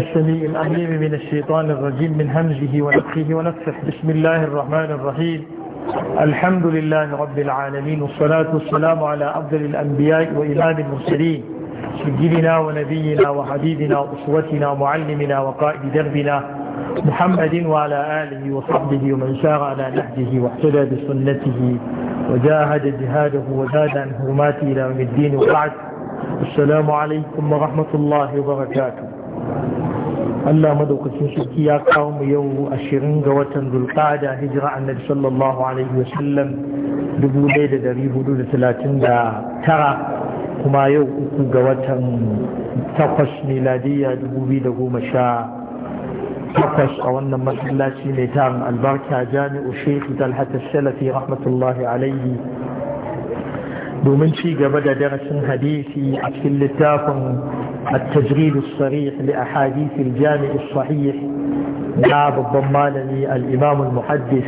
السميع العليم من الشيطان الرجيم من همزه ونفخه ونفخه بسم الله الرحمن الرحيم الحمد لله رب العالمين والصلاة والسلام على أفضل الأنبياء وإمام المرسلين سيدنا ونبينا وحبيبنا وأسوتنا ومعلمنا وقائد دربنا محمد وعلى آله وصحبه ومن سار على نهجه واحتدى بسنته وجاهد جهاده وزاد عن حرمات إلى يوم الدين وبعد السلام عليكم ورحمة الله وبركاته Allah madaukakin sarki ya kawo mu yau 20 ga watan Zulqa'da hijira annabi sallallahu alaihi wa sallam dubu ɗaya da dari hudu da talatin da tara kuma yau uku ga watan takwas miladiyya dubu biyu da goma sha takwas a wannan masallaci mai tarin albarka jami'u shekhu talhata salafi rahmatullahi alaihi domin ci gaba da darasin hadisi a cikin littafin التجريد الصريح لأحاديث الجامع الصحيح ناب الضمانني الإمام المحدث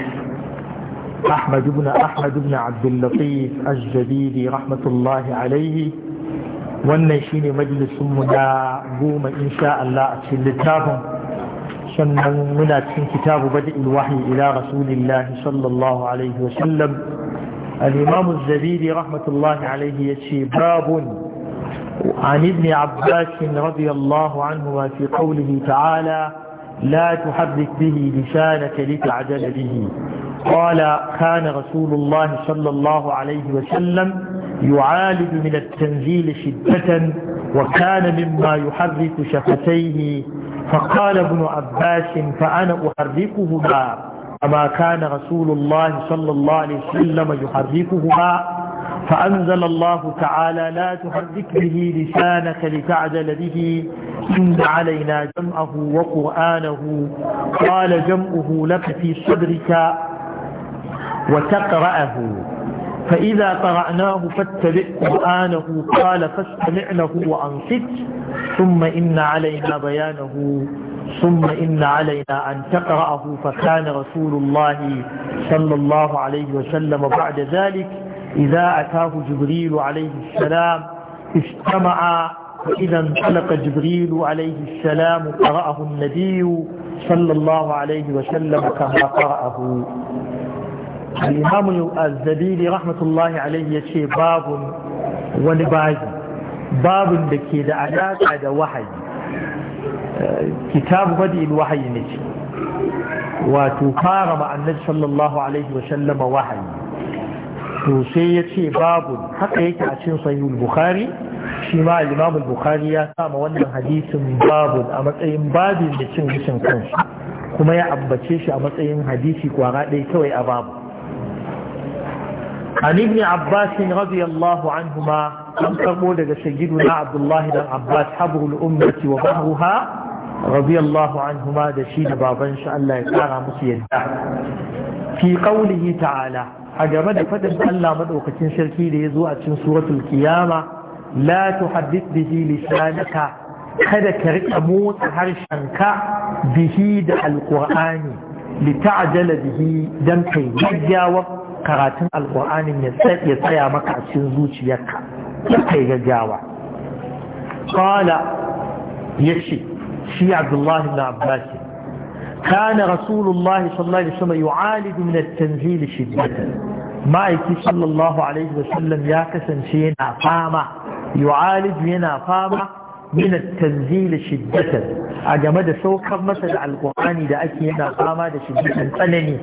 أحمد بن أحمد بن عبد اللطيف الجديد رحمة الله عليه والنشين مجلس منا قوم إن شاء الله أكثر التابم سنن منا كتاب بدء الوحي إلى رسول الله صلى الله عليه وسلم الإمام الجديد رحمة الله عليه يتشي باب عن ابن عباس رضي الله عنهما في قوله تعالى لا تحرك به لسانك لتعجل به قال كان رسول الله صلى الله عليه وسلم يعالج من التنزيل شدة وكان مما يحرك شفتيه فقال ابن عباس فأنا أحركهما كما كان رسول الله صلى الله عليه وسلم يحركهما فأنزل الله تعالى لا تحرك به لسانك لتعجل به إن علينا جمعه وقرآنه قال جمعه لك في صدرك وتقرأه فإذا قرأناه فاتبع قرآنه قال فاستمع له وأنصت ثم إن علينا بيانه ثم إن علينا أن تقرأه فكان رسول الله صلى الله عليه وسلم بعد ذلك إذا أتاه جبريل عليه السلام استمع وإذا انطلق جبريل عليه السلام قرأه النبي صلى الله عليه وسلم كما قرأه الإمام الزبيلي رحمة الله عليه يشي باب ونباج باب دكي دا هذا وحي كتاب بدء الوحي نجي وتقارب عن النبي صلى الله عليه وسلم وحي to sai ya ce babu haka yake a cin sahihul bukhari shi ma al-imam al-bukhari ya sama wannan hadisin babu a matsayin babin da cin gishin kanshi kuma ya ambace shi a matsayin hadisi kwara ɗaya kawai a babu عن ابن عباس رضي الله عنهما أنكروا لك سيدنا abdullahi dan abbas habrul ummati wa وظهرها radiyallahu anhuma da shi da baban shi Allah ya kara musu yadda fi qawlihi ta'ala a game da fadin Allah madaukakin sarki da ya zo a cikin suratul qiyama la tuhaddith bihi lisanaka kada ka rika motsa harshenka bihi da alqur'ani lita'jala bihi dan kai gaggawa karatun alqur'anin ya tsaya maka a cikin zuciyarka ya kai gaggawa qala yace شي عبد الله بن عباس كان رسول الله صلى الله عليه وسلم يعالج من التنزيل شدة ما يكي صلى الله عليه وسلم يا كسن شينا فاما يعالج ينا فاما من التنزيل شدة أجمد سوكر مثل على القرآن دا أكي ينا فاما دا شدة فنني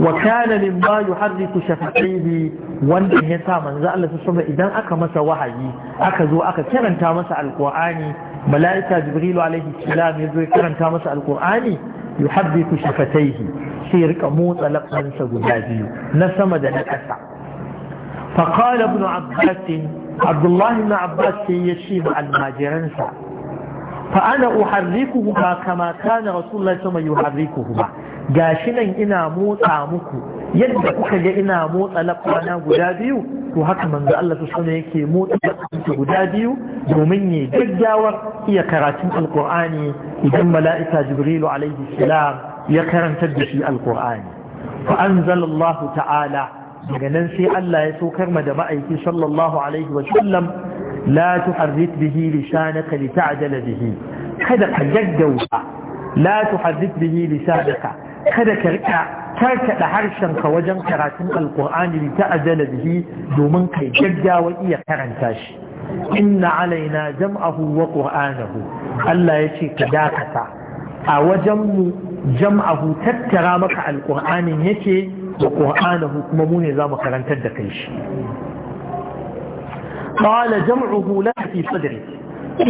وكان مما يحرك شفتيه وان يسا من ذا الله سبحانه إذا أكا مسا وحي أكا ذو أكا كرن تامسا القرآن mala'ika jibrilu alaihi salam ya zo ya karanta masa alqur'ani yuhaddithu shafataihi sai ya rika motsa labbansa guda biyu na sama da na ƙasa فقال ابن عباس عبد الله بن عباس يشيب الماجرنسا fa'ana uharrikuhu ba kama kana rasulullah sama yuharrikuhu ba gashi nan ina motsa muku yadda kuka ga ina motsa lafana guda biyu to haka manzo Allah su sune yake motsa lafana guda biyu domin ya gaggawar iya karatun alqur'ani idan mala'ika jibrilu alaihi salam ya karanta da shi alqur'ani fa anzalallahu ta'ala daga nan sai Allah ya saukar ma da ma'aiki sallallahu alaihi wa sallam la tuharrik bihi lisanaka lita'jala bihi kada ka gaggauta la tuharrik bihi lisanaka kada ka rika karkada harshen ka wajen karatun alqur'ani lita'jala bihi domin kai gaggawa iya karanta shi inna alaina jam'ahu wa qur'anahu Allah ce ka dakata a wajen mu jam'ahu tattara maka alqur'anin yake da qur'anahu kuma mu ne zamu karantar da kai shi qala jam'uhu la sadri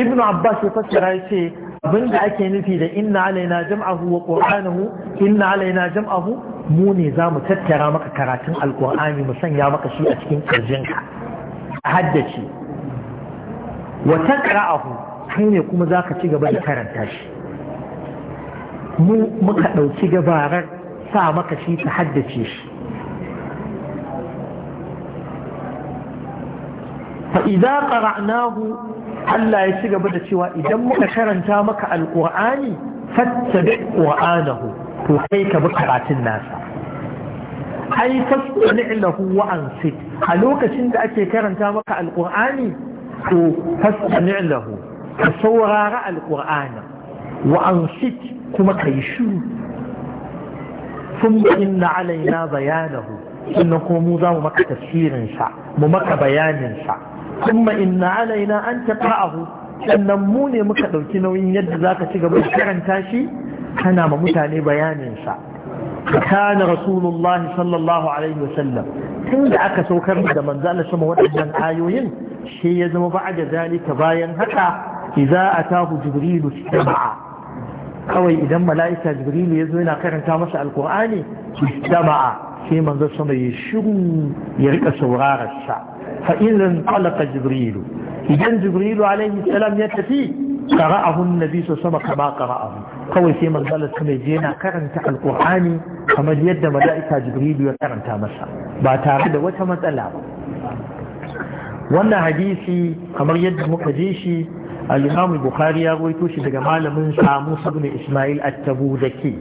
ibn abbas ya fassara yace abinda ake nufi da inna alaina jam'ahu wa qur'anahu inna alaina jam'ahu mu ne zamu tattara maka karatun alqur'ani mu sanya maka shi a cikin kirjinka haddace wa taqra'ahu kai ne kuma zaka ci gaba da karanta shi mu muka ɗauki gabarar sa maka shi ta haddace shi فإذا قرأناه Allah ya ci gaba da cewa idan muka karanta maka alƙur'ani fattabi qur'anahu to kai ka bi karatun nasa ai fastami lahu wa a lokacin da ake karanta maka alƙur'ani to fastami lahu ka saurara alƙur'ana wa ansi kuma ka yi shiru thumma inna alaina bayanahu sannan kuma mu za mu maka tafsirin sa mu maka bayanin sa kuma inna alaina an taqra'ahu sannan mu ne muka dauki nauyin yadda zaka ci gaba da karanta shi kana ma mutane bayanin sa kana rasulullah sallallahu alaihi wasallam tun da aka saukar da manzo Allah sama waɗannan ayoyin shi ya zama ba da zalika bayan haka idza atahu jibrilu istama'a kawai idan mala'ika jibrilu ya zo yana karanta masa alqur'ani istama'a sai manzo sama ya shiru ya rika sauraron sa فإذا انطلق jibrilu إذا جبريل عليه ya tafi kara النبي صلى الله عليه وسلم كما قرأه kawai sai manzalar su mai jena karanta alkur'ani kamar yadda mala'ika jibrilu ya karanta masa ba tare da wata matsala ba wannan hadisi kamar yadda muka je shi al-imam bukhari ya rawaito shi daga malamin sa Musa Ismail at Dake.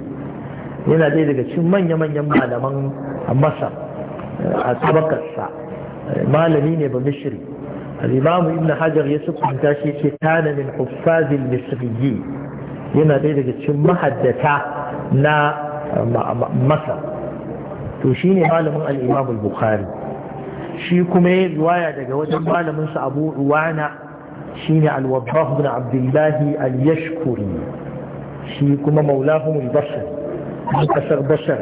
yana daya daga cikin manya-manyan malaman Masar a tabakarsa malami ne ba mishri al-imamu ibn hajar ya sukunta shi ce kana min huffazil misriyi yana ɗaya daga cikin mahaddata na masa to shine malamin al al-bukhari shi kuma ya riwaya daga wajen malamin sa abu ruwana shine al-wabbah ibn abdullah al-yashkuri shi kuma maulahum al-basri kasar basra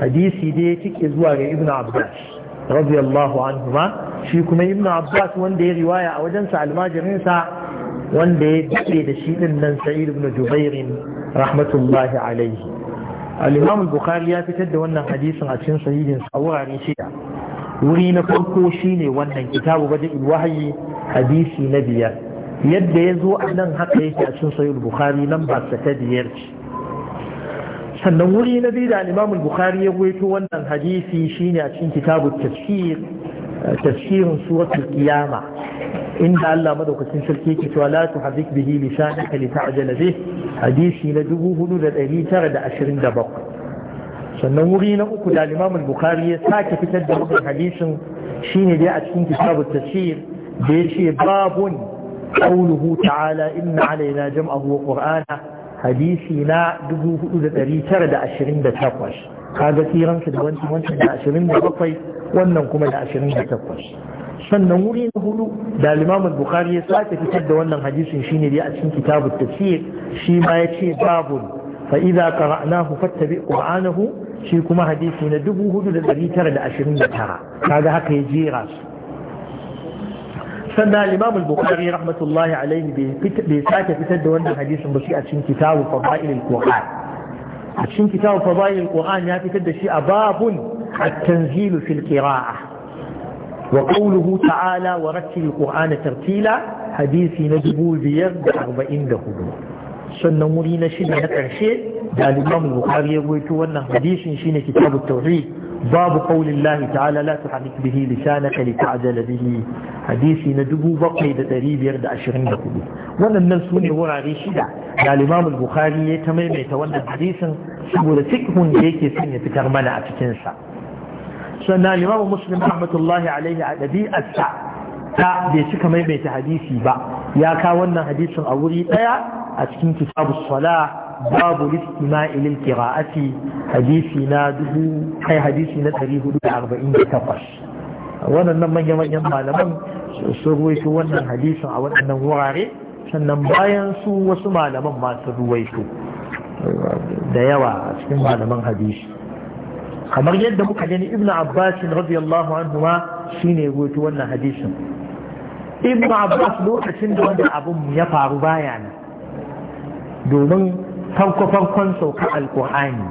hadisi dai ya cike zuwa ga ibn abbas radiyallahu anhuma shi kuma ibn abbas wanda ya riwaya a wajen sa almajirin sa wanda ya dade da shi din nan sa'id ibn rahmatullahi alaihi alimamul bukhari ya fitar da wannan hadisin a cikin sahihin sa wurare shida wuri na farko shine wannan kitabu bada'il wahyi hadisi na biyar yadda ya zo a nan haka yake a cikin sahih bukhari nan ba ta biyar ce sannan wuri na biyu da Imam Bukhari ya gwaito wannan hadisi shine a cikin kitabu tafsir tafsirin suratul qiyama inda Allah madaukakin sarki ke cewa la tuhadik bihi lisanaka li ta'jala bih hadisi na 4927 sannan wuri na uku da Imam Bukhari ya sake fitar da wannan hadisin shine dai a cikin kitabu tafsir da yace babun qawluhu ta'ala inna alaina jam'ahu wa qur'ana hadisi na 4928 kaga tsiransu da wancan wancan da 27 wannan kuma da 28 sannan wuri na hudu da limamun bukari ya sake fitar da wannan hadisin shi ne dai a cikin kitabun tafsir shi ma ya ce babun fa'iza qara'nahu fattabi qur'anahu shi kuma hadisi na 4929 ga haka ya jera su سنة الإمام البخاري رحمة الله عليه بيساك في سد وانا حديث بشيء أتشين كتاب فضائل القرآن أتشين كتاب فضائل القرآن يأتي كده شيء باب التنزيل في القراءة وقوله تعالى ورتل القرآن ترتيلا حديث نجبو بير بأربعين دهولو سنة مرينة شيء نكرشي قال الإمام البخاري يقول وانا حديث شيء كتاب التوحيد باب قول الله تعالى لا تحرك به لسانك لتعجل به حديثي ندبو بقي دتريب يرد أشرين دقلو وانا ننسوني هو عريشدا قال الإمام البخاري يتميم يتولى الحديث سبولة فكه ديكي سنة تكرمنا أتكنسا سنة الإمام مسلم رحمة الله عليه على ذي السع تا دي سكا ميميت حديثي با يا كا وانا حديث أولي تايا أتكن كتاب الصلاة باب الاستماع للقراءة حديثنا دهو أي حديثنا تريه أربعين تقش wannan nan manya-manyan malaman sun ruwaito wannan hadisin a waɗannan wurare sannan bayan su wasu malaman masu ruwaito da yawa a cikin malaman hadisi kamar yadda muka gani ibnu abbas radiyallahu anhu ma shine ruwaito wannan hadisin ibn abbas lokacin da wannan abun ya faru baya ne domin farko farkon sauka alkur'ani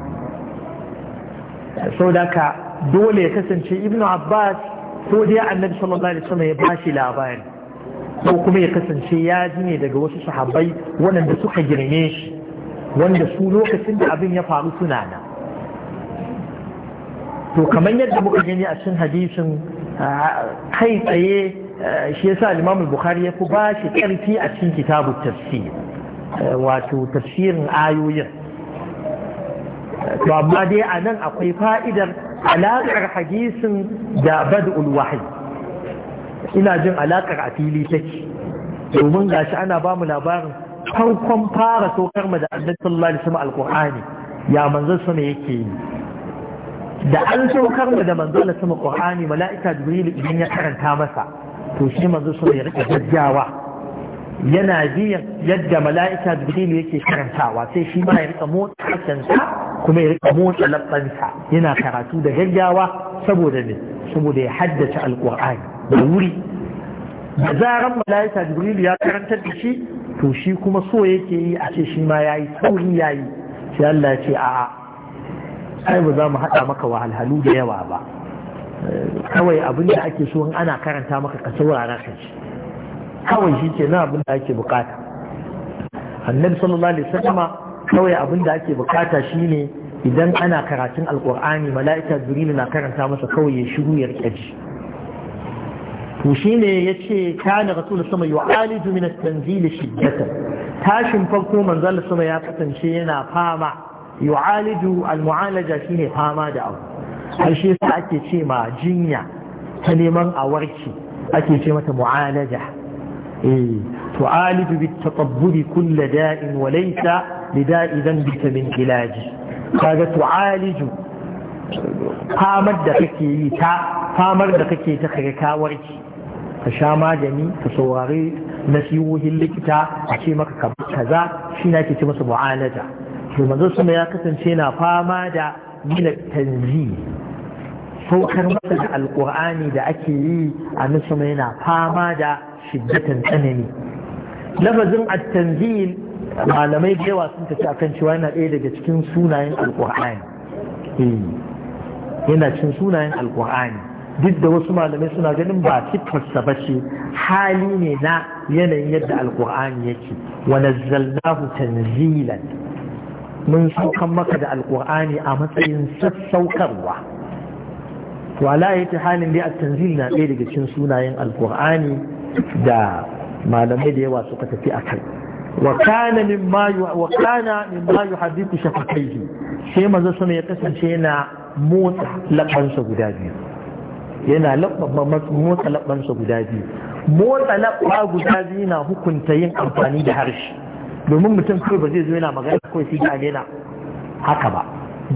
sau ka dole ya kasance ibnu abbas ko dai annabi sallallahu alaihi wasallam ya bashi labari ko kuma ya kasance ya ji ne daga wasu sahabbai waɗanda suka girme shi wanda su lokacin da abin ya faru suna na to kamar yadda muka gani a cikin hadisin kai tsaye shi yasa al-Imam al-Bukhari ya fi ba shi karfi a cikin kitabu tafsir Eh, wato tafsirin ayoyin to amma dai a nan akwai fa'idar alaƙar hadisin da bad'ul wahi ina jin alaƙar a fili take domin gashi ana ba mu labarin farkon fara saukar mu da annabi sallallahu alaihi wasallam alqur'ani ya manzon sama yake yi da an saukar mu da manzon sama ƙurani mala'ika jibril idan ya karanta masa to shi manzon sama ya rike gaggawa yana biyan yadda mala'ika jibril yake karantawa sai shi ma ya rika motsa harshensa kuma ya rika motsa labbansa yana karatu da gaggawa saboda ne saboda ya haddace alqur'ani da wuri da zaran mala'ika jibrilu ya karantar da shi to shi kuma so yake yi a ce shi ma yayi sauri yayi sai Allah ya ce a'a ai ba za mu haɗa maka wahalhalu da yawa ba eh, kawai abin da ake so in ana karanta maka ka saurara ka shi. kawai shi ke na abin da ake bukata annabi sallallahu alaihi wasallama kawai abin da ake bukata shine idan ana karatun alkur'ani mala'ika jibril na karanta masa kawai ya shiru ya rike ji to shine yace kana rasul sama yu'aliju min at-tanzil shiddatan tashin farko manzal sama ya kasance yana fama yu'alidu al-mu'alaja shine fama da abu har shi ake ce ma jinya ta neman a warke ake ce mata mu'alaja تعالج بالتطبب كل داء وليس لداء ذنبك من علاج kaga tu'aliju famar da kake yi ta famar da kake ta kaga ka warke ka sha magani ka saurari nasihohin likita a ce maka ka kaza shi na ke ce masa mu'alaja to manzo sama ya kasance na fama da gina tanzi saukar masa da alkur'ani da ake yi a nan sama yana fama da shiddatan tsanani lafazin at-tanzil malamai da yawa sun tafi akan cewa yana ɗaya daga cikin sunayen alkur'ani hmm. yana cikin sunayen Alƙur'ani duk da wasu malamai suna ganin ba siffarsa ba ce hali ne na yanayin yadda alkur'ani yake wa nazzalnahu tanzilan mun saukan maka da alkur'ani a matsayin sassaukarwa wala yake halin dai a tanzil na ɗaya daga cikin sunayen alkur'ani da malamai da yawa suka tafi a kai wakana mimma hadithu shafataihi sai manzo sama ya kasance yana motsa labansa guda biyu yana motsa labansa guda biyu motsa labba guda biyu na hukunta yin amfani da harshe domin mutum kawai ba zai zo yana magana ko sai ga yana haka ba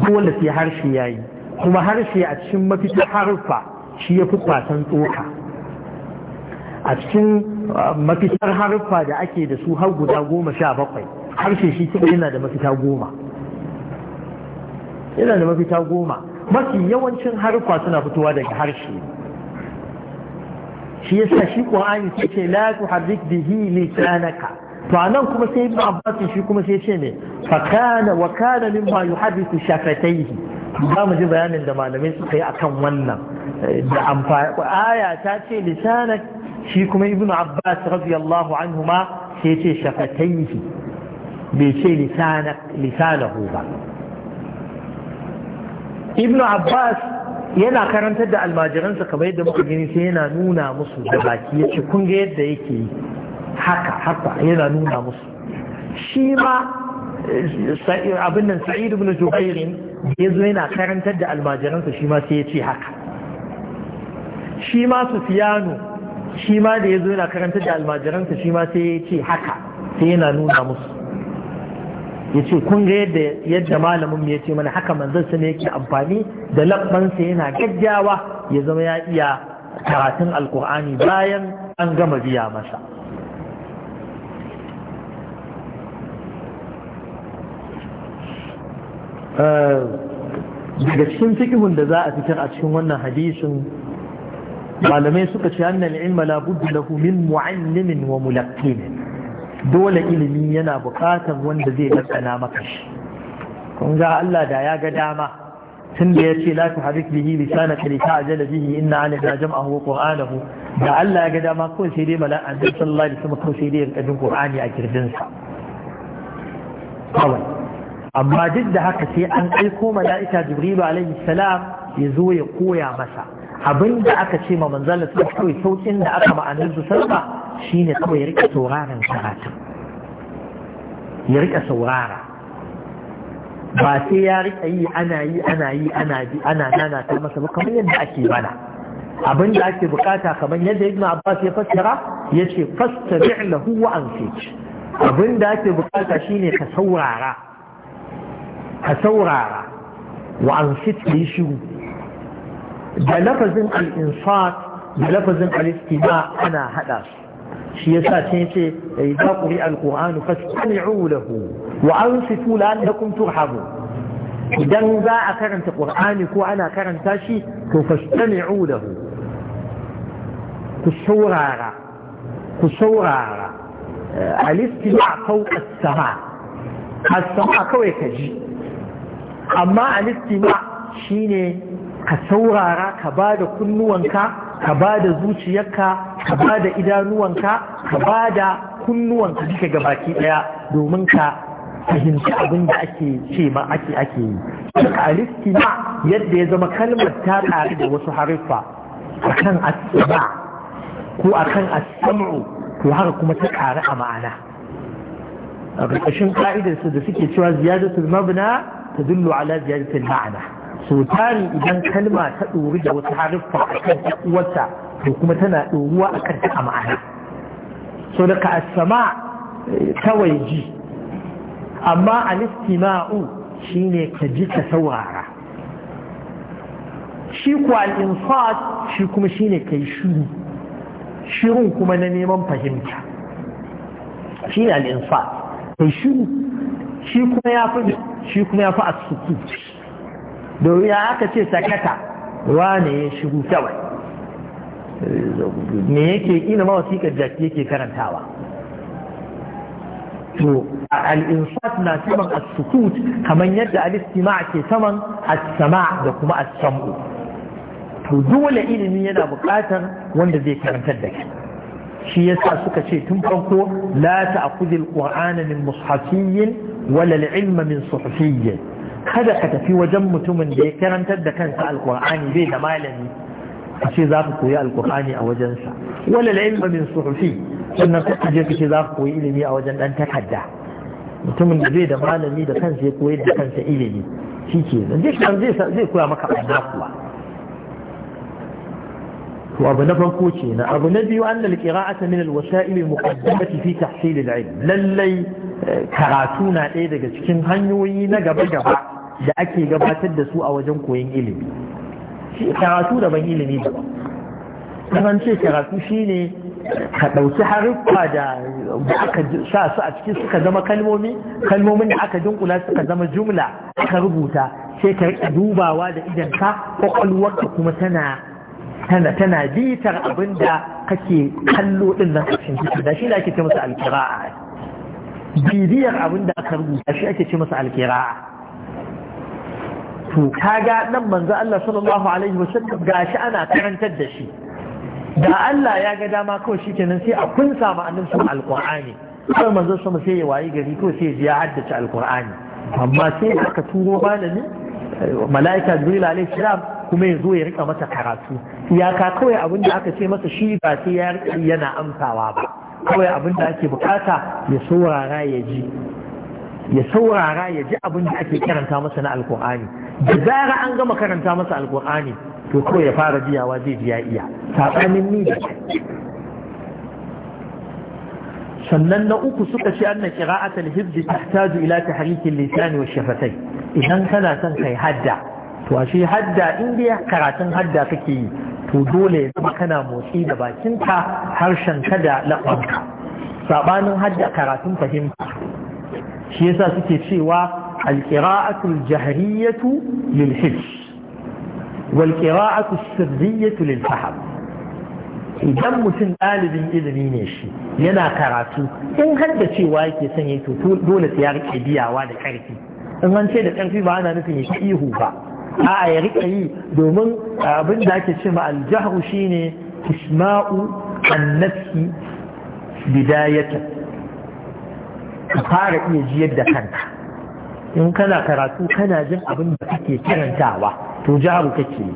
dole sai harshe yayi kuma harshe a cikin mafita harfa shi ya fi kwasan tsoka a cikin uh, mafitar haruffa da ake da su har guda goma sha bakwai harshe shi kuma yana da mafita goma yana da mafita goma mafi yawancin haruffa suna fitowa daga harshe shi ya sa shi qur'ani sai ce la tuharrik bihi lisanaka to anan kuma sai ibn abbas shi kuma sai ce me fa kana wa kana mimma yuharriku shafatayhi za mu ji bayanin da malamai suka yi akan wannan eh, da amfani aya ta ce lisanaka shi kuma ibnu abbas radiyallahu anhu ma sai ce shafataihi bai ce lisanahu ba ibnu abbas yana karantar da almajiransa kamar yadda muka gani sai yana nuna musu da baki ya ce kun ga yadda yake yi haka haka yana nuna musu shi ma abin nan sa'id ibn jubairin ya zo yana karantar da almajiransa shi ma sai ya ce haka shi ma sufiyanu shi ma da ya zo yana karanta da almajiransa shi ma sai ya ce haka sai yana nuna musu ya ce kun ga yadda yadda malamin ya ce mana haka manzan sa ne yake amfani da labbansa yana gaggawa ya zama ya iya karatun alkur'ani bayan an gama biya masa eh, daga cikin fikihun da za a fitar a cikin wannan hadisin malamai suka ce annal ilma la budda lahu min mu'allimin wa mulaqqin dole ilimi yana buƙatar wanda zai lakana maka shi kun ga Allah da ya ga dama tun da ya ce la tuharik bihi lisanaka li ta'jala bihi inna alaina jam'ahu wa qur'anahu da Allah ya ga dama kawai sai dai mala'an da sallallahu alaihi wasallam kawai sai dai yankadin qur'ani a kirjinsa kawai amma duk da haka sai an aiko mala'ika jibril alaihi salam ya zo ya koya masa abin da aka ce ma manzala sun kawai saukin da aka ma'anar su sarfa shi ne kawai ya rika sauraron karatun ya rika saurara ba sai ya rika yi ana yi ana yi ana bi ana nana ta masa ba kamar yadda ake bana abin da ake bukata kamar yadda ibn abbas ya fassara ya ce fastabi' lahu wa anfij abin da ake bukata shine ka saurara ka saurara wa anfij li shiru da lafazin al'insat da lafazin al'istima ana haɗa su shi ya sa ce ce da yi zaƙuri alƙur'anu fasani'u lahu wa an situ la'allakum turhamu idan za a karanta ƙur'ani ko ana karanta shi to fasani'u lahu ku saurara ku saurara al-istima fawqa as-sama as-sama kawai ka ji amma al-istima shine ka saurara ka ba da kunnuwanka ka ba da zuciyarka ka ba da idanuwanka ka ba da kunnuwanka duka gabaki daya domin ka fahimci abin da ake ce ma ake ake yi riski alistima yadda ya zama kalmar ta ƙari da wasu haruffa kan asma ko a kan asma'u ko haka kuma ta ƙari a ma'ana a ƙarƙashin ƙa'idarsu da suke cewa ziyadatul mabna dullu ala ziyadatul ma'ana Sautari tari idan kalma ta ɗori da wasu haruffa a kan uwarta to kuma tana ɗoruwa a kan ta ma'ana so daga asama eh, kawai ji amma alistima'u ne ka ji ka saurara shi kuwa al'insat shi kuma ne ka yi shiru shirin kuma na neman fahimta shi ne al'insat ka yi shiru shi kuma ya fi shi kuma ya fi domin ya aka ce sakata wane ya shigo kawai me yake ina ma wasiƙar jaki yake karantawa to al-insat na saman as-sukut kaman yadda al-istima' ke saman as-sama' da kuma as-sam'u to dole ilimi yana buƙatar wanda zai karantar da shi shi yasa suka ce tun farko la ta'khudh al-qur'ana min mushafiyyin wala al-ilma min suhufiyyin kada ka tafi wajen mutumin da ya karantar da kansa alkur'ani bai da malami a ce za ku koyi alkur'ani a wajensa wala la ilma min suhufi sannan ka je ka ce za ku koyi ilimi a wajen dan takarda mutumin da zai da malami da kansa ya koyi da kansa ilimi shi ke zai zai koya maka ɓanna kuwa to abu na farko ce na abu na biyu an lalƙira'ata min alwasa'il muqaddamati fi tahsil alilm lallai eh, karatu na ɗaya daga cikin hanyoyi na gaba gaba da ake gabatar da su a wajen koyon ilimi shi karatu ban ilimi daban kan ce karatu shine ka ɗauki haruffa da aka sa su a cikin suka zama kalmomi kalmomin da aka dunkula suka zama jumla aka rubuta sai ka dubawa da idan ka kwakwalwarka kuma tana tana tana bitar abinda kake kallo din nan cikin kitabu da shi ne ake ce masa alkira'a bibiyar abinda aka rubuta shi ake ce masa alkira'a to kaga nan manzo Allah sallallahu alaihi wasallam gashi ana karantar da shi da Allah ya ga dama kawai shikenan sai a kunsa ma annabi alqur'ani kawai manzo sun sai ya wayi gari ko sai ya haddace alqur'ani amma sai aka turo malami eh, mala'ika jibril alaihi salam kuma ya zo ya rika masa karatu iyaka kawai abin da aka ce masa shi ba sai ya yana amsawa ba kawai abin da ake bukata ya saurara ya ji ya saurara ya ji abin da ake karanta masa na alkur'ani da zara an gama karanta masa alkur'ani to kawai ya fara biyawa zai ya iya saɓanin ni da sannan na uku suka ce anna qira'atul hibd tahtaju ila tahrik al wa shafatai. idan kana son kai hadda to ashe hadda indiya karatun hadda kake yi to dole zama kana motsi da bakinka harshen ka da lafanka sabanin hadda karatun fahimta shi yasa suke cewa alqira'atul jahriyatu lil hifz wal qira'atu sirriyatu lil fahm idan mutum ɗalibin ilimi ne shi yana karatu in hadda cewa yake son ya to dole sai ya biyawa da ƙarfi in an ce da ƙarfi ba ana nufin ya ihu ba a ya rika yi domin abin da ake ce ma aljahu shine isma'u annafi bidayata ka fara iya jiyar da kanka in kana karatu kana jin abin da kake kirantawa, to jahu kake yi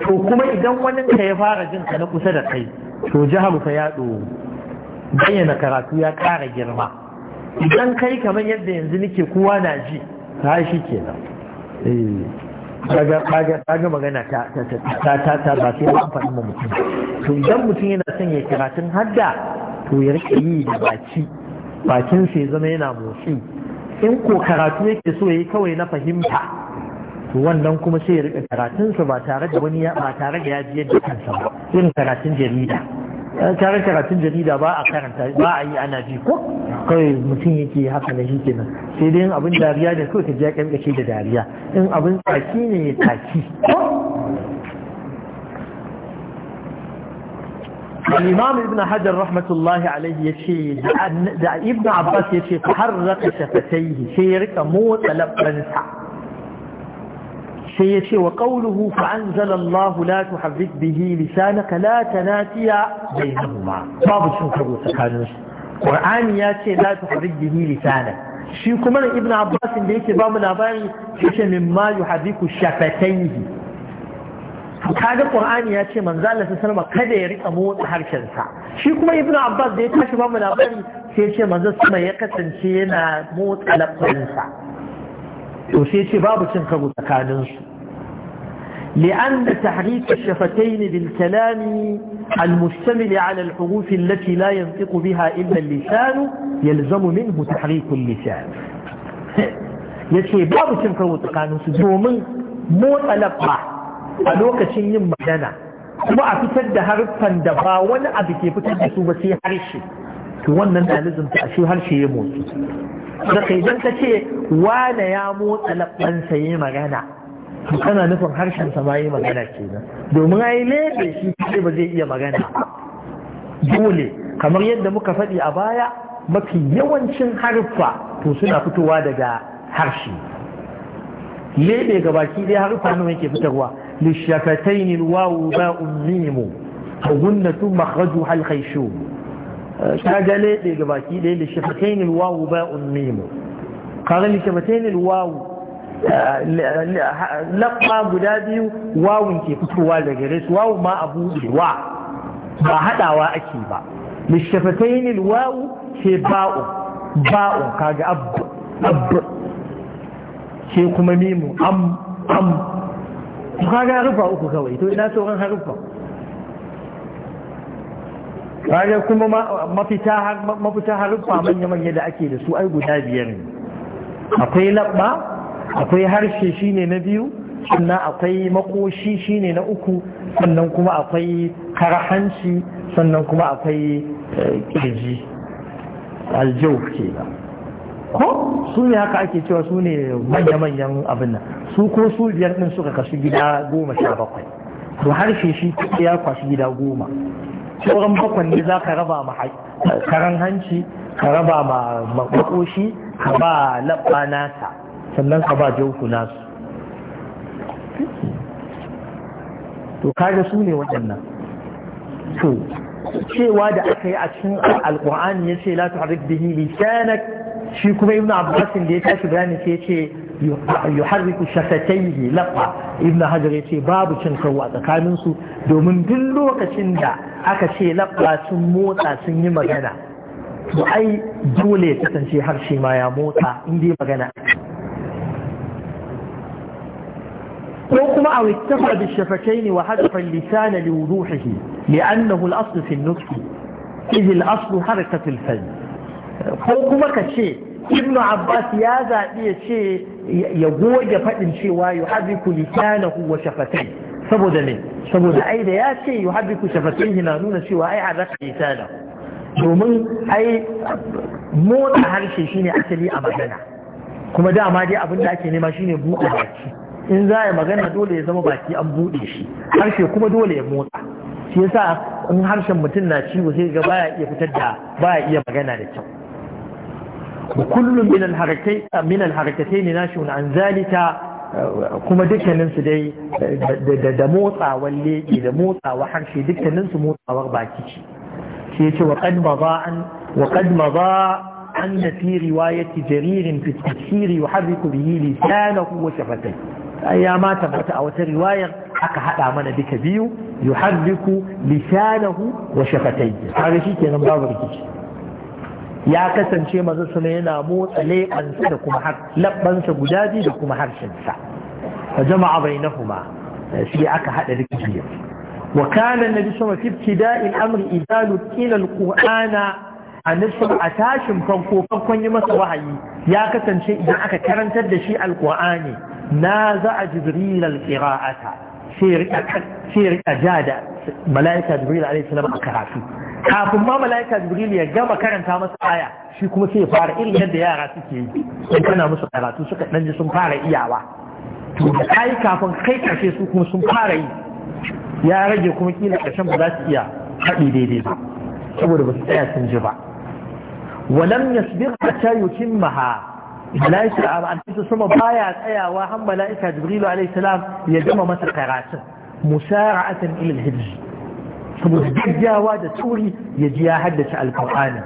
to kuma idan wani ka ya fara jin ka na kusa da kai to jahu ka ya bayyana karatu ya ƙara girma idan kai kamar yadda yanzu nake kowa na ji ta shi kenan Eh. kaga magana ta ta ta ba sai an amfani ma mutum to idan mutum yana son ya karatun hadda to ya rike yi da baki bakin sai zama yana motsi in ko karatu yake so yayi kawai na fahimta to wannan kuma sai ya rika karatun sa ba tare da wani ba tare da ya ji yadda kansa ba irin karatun jarida Eh, karin karatun jarida ba a karanta ba a yi ana ji ko kawai mutum yake haka na shi kenan sai dai abin dariya da kawai ta ji ya kankace da dariya in abin tsaki ne ya tsaki الإمام ابن حجر رحمة الله عليه يشي ابن عباس يشي تحرك شفتيه شيرك موت لبنسع sai ya ce wa ƙauluhu fa'anzalallahu latu tuharrik bihi lisanaka la bai bainahuma babu cin karo tsakanin su qur'ani ya ce latu tuharrik bihi lisanak shi kuma da ibnu abbas da yake ba mu labari yace mimma yuharriku shafatayhi kaga qur'ani ya ce manzo Allah sallallahu kada ya rika motsa harshen sa shi kuma Ibn abbas da ya tashi ba mu labari sai ya ce manzo sama ya kasance yana motsa labbansa وسيتي بابس انكبو تكاننس لأن تحريك الشفتين بالكلام المشتمل على الحروف التي لا ينطق بها إلا اللسان يلزم منه تحريك اللسان يسي باب تنكر وتقانوس دومن مو تلقى ألوك تنين مجانا وما أفتد هرفا دبا ولا أبكي فتد سوبسي هرشي توانا نالزم تأشي هرشي يموت daga idan ka ce wane ya motsa labbansa yi magana to kana nufin harshen sa ma yi magana kenan domin ai lebe shi sai ba zai iya magana dole kamar yadda muka faɗi a baya mafi yawancin haruffa to suna fitowa daga harshe lebe ga baki dai haruffa nawa yake fitarwa lishafataini wawu ba'un mimu hunnatu makhrajuha alkhayshum ta ga leɗe ga baki ɗaya da shafatainil wawu ba'un nemo kaga da shafatainil wawu laɓa guda biyu wawun ke fitowa da gare su wawu ma abu wa ba haɗawa ake ba da shafatainil wawu ke ba'un ba'un kaga abu abu ke kuma mimu am am kaga harufa uku kawai to ina sauran harufa kaga kuma mafita mafita haruffa manya manya da ake da su ai guda biyar ne akwai labba akwai harshe shine na biyu sannan akwai makoshi shine na uku sannan kuma akwai karahanci sannan kuma akwai eh, kirji aljau ke ko su ne haka ake cewa su ne manya-manyan abin nan su ko su biyar din suka kasu gida goma sha bakwai to harshe shi ya kwashi gida goma sauran bakwai ne za ka raba ma karan hanci ka raba ma makoshi ka ba labba nasa sannan ka ba jauku nasu to kaga su ne waɗannan to cewa da aka yi a cikin alƙur'ani ya ce la tuharrik bihi lisanak shi kuma ibnu abbasin da ya tashi bayani sai ya ce yuharriku shafataihi laqa ibn hajar yace babu cin kawo a tsakanin su domin duk lokacin da aka ce laqa sun motsa sun yi magana to ai dole ya kasance harshe ma ya motsa in dai magana ko kuma a wittafa bi shafataini wa hadafa lisana li wuduhihi li'annahu al-asl fi an-nutq idh al-asl harakatu al-fadl ko kuma ka ce ibnu abbas ya zaɓi ya ce ya goge faɗin cewa yuhaddiku lisanahu wa shafatai saboda ne saboda ai da ya ce yuhaddiku shafatai na nuna cewa ai azaka lisanahu domin ai motsa harshe shine asali a magana kuma dama dai abin da ake nema shine buɗe baki in za a magana dole ya zama baki an buɗe shi harshe kuma dole ya motsa shi yasa in harshen mutum na ciwo sai ga baya iya fitar da baya iya magana da kyau kullum min alharkatai ne nashun an zalika kuma dukkaninsu dai da motsawar leƙe da motsawa harshe dukkaninsu motsawar baki ce shi ya ce waƙad ma ba an na fi riwayati jaririn fitashiri wa harriku biyi lisanahu wa shafatai ya ma tabbata a wata riwayar aka hada mana duka biyu yuharriku lisanahu wa shafatai kaga shikenan babu rikici ya kasance manzo sama yana motsa leɓansa da kuma har labbansa guda biyu da kuma harshensa fa jama'a bainahuma sai aka hada rikici wa kana nabi sama fi ibtida'il amri idza lutila alqur'ana annabi a tashin farko farkon yi masa wahayi ya kasance idan aka karantar da shi alqur'ani na za a jibril alqira'ata sai rika sai rika jada mala'ika jibril alaihi salam a karatu kafin ma mala'ika jibril ya gama karanta masa aya shi kuma sai ya fara irin yadda yara suke yi in kana musu karatu suka danji sun fara iyawa to da kai kafin kai karshe su kuma sun fara yi ya rage kuma kila karshen ba za su iya haɗi daidai ba saboda ba su tsaya sun ji ba walam yasbir hatta yutimmaha mala'ika an ta sama baya tsayawa har mala'ika jibril alayhi salam ya gama masa karatun musara'atan ila al-hijj saboda gaggawa da turi ya ji ya haddace alkur'ani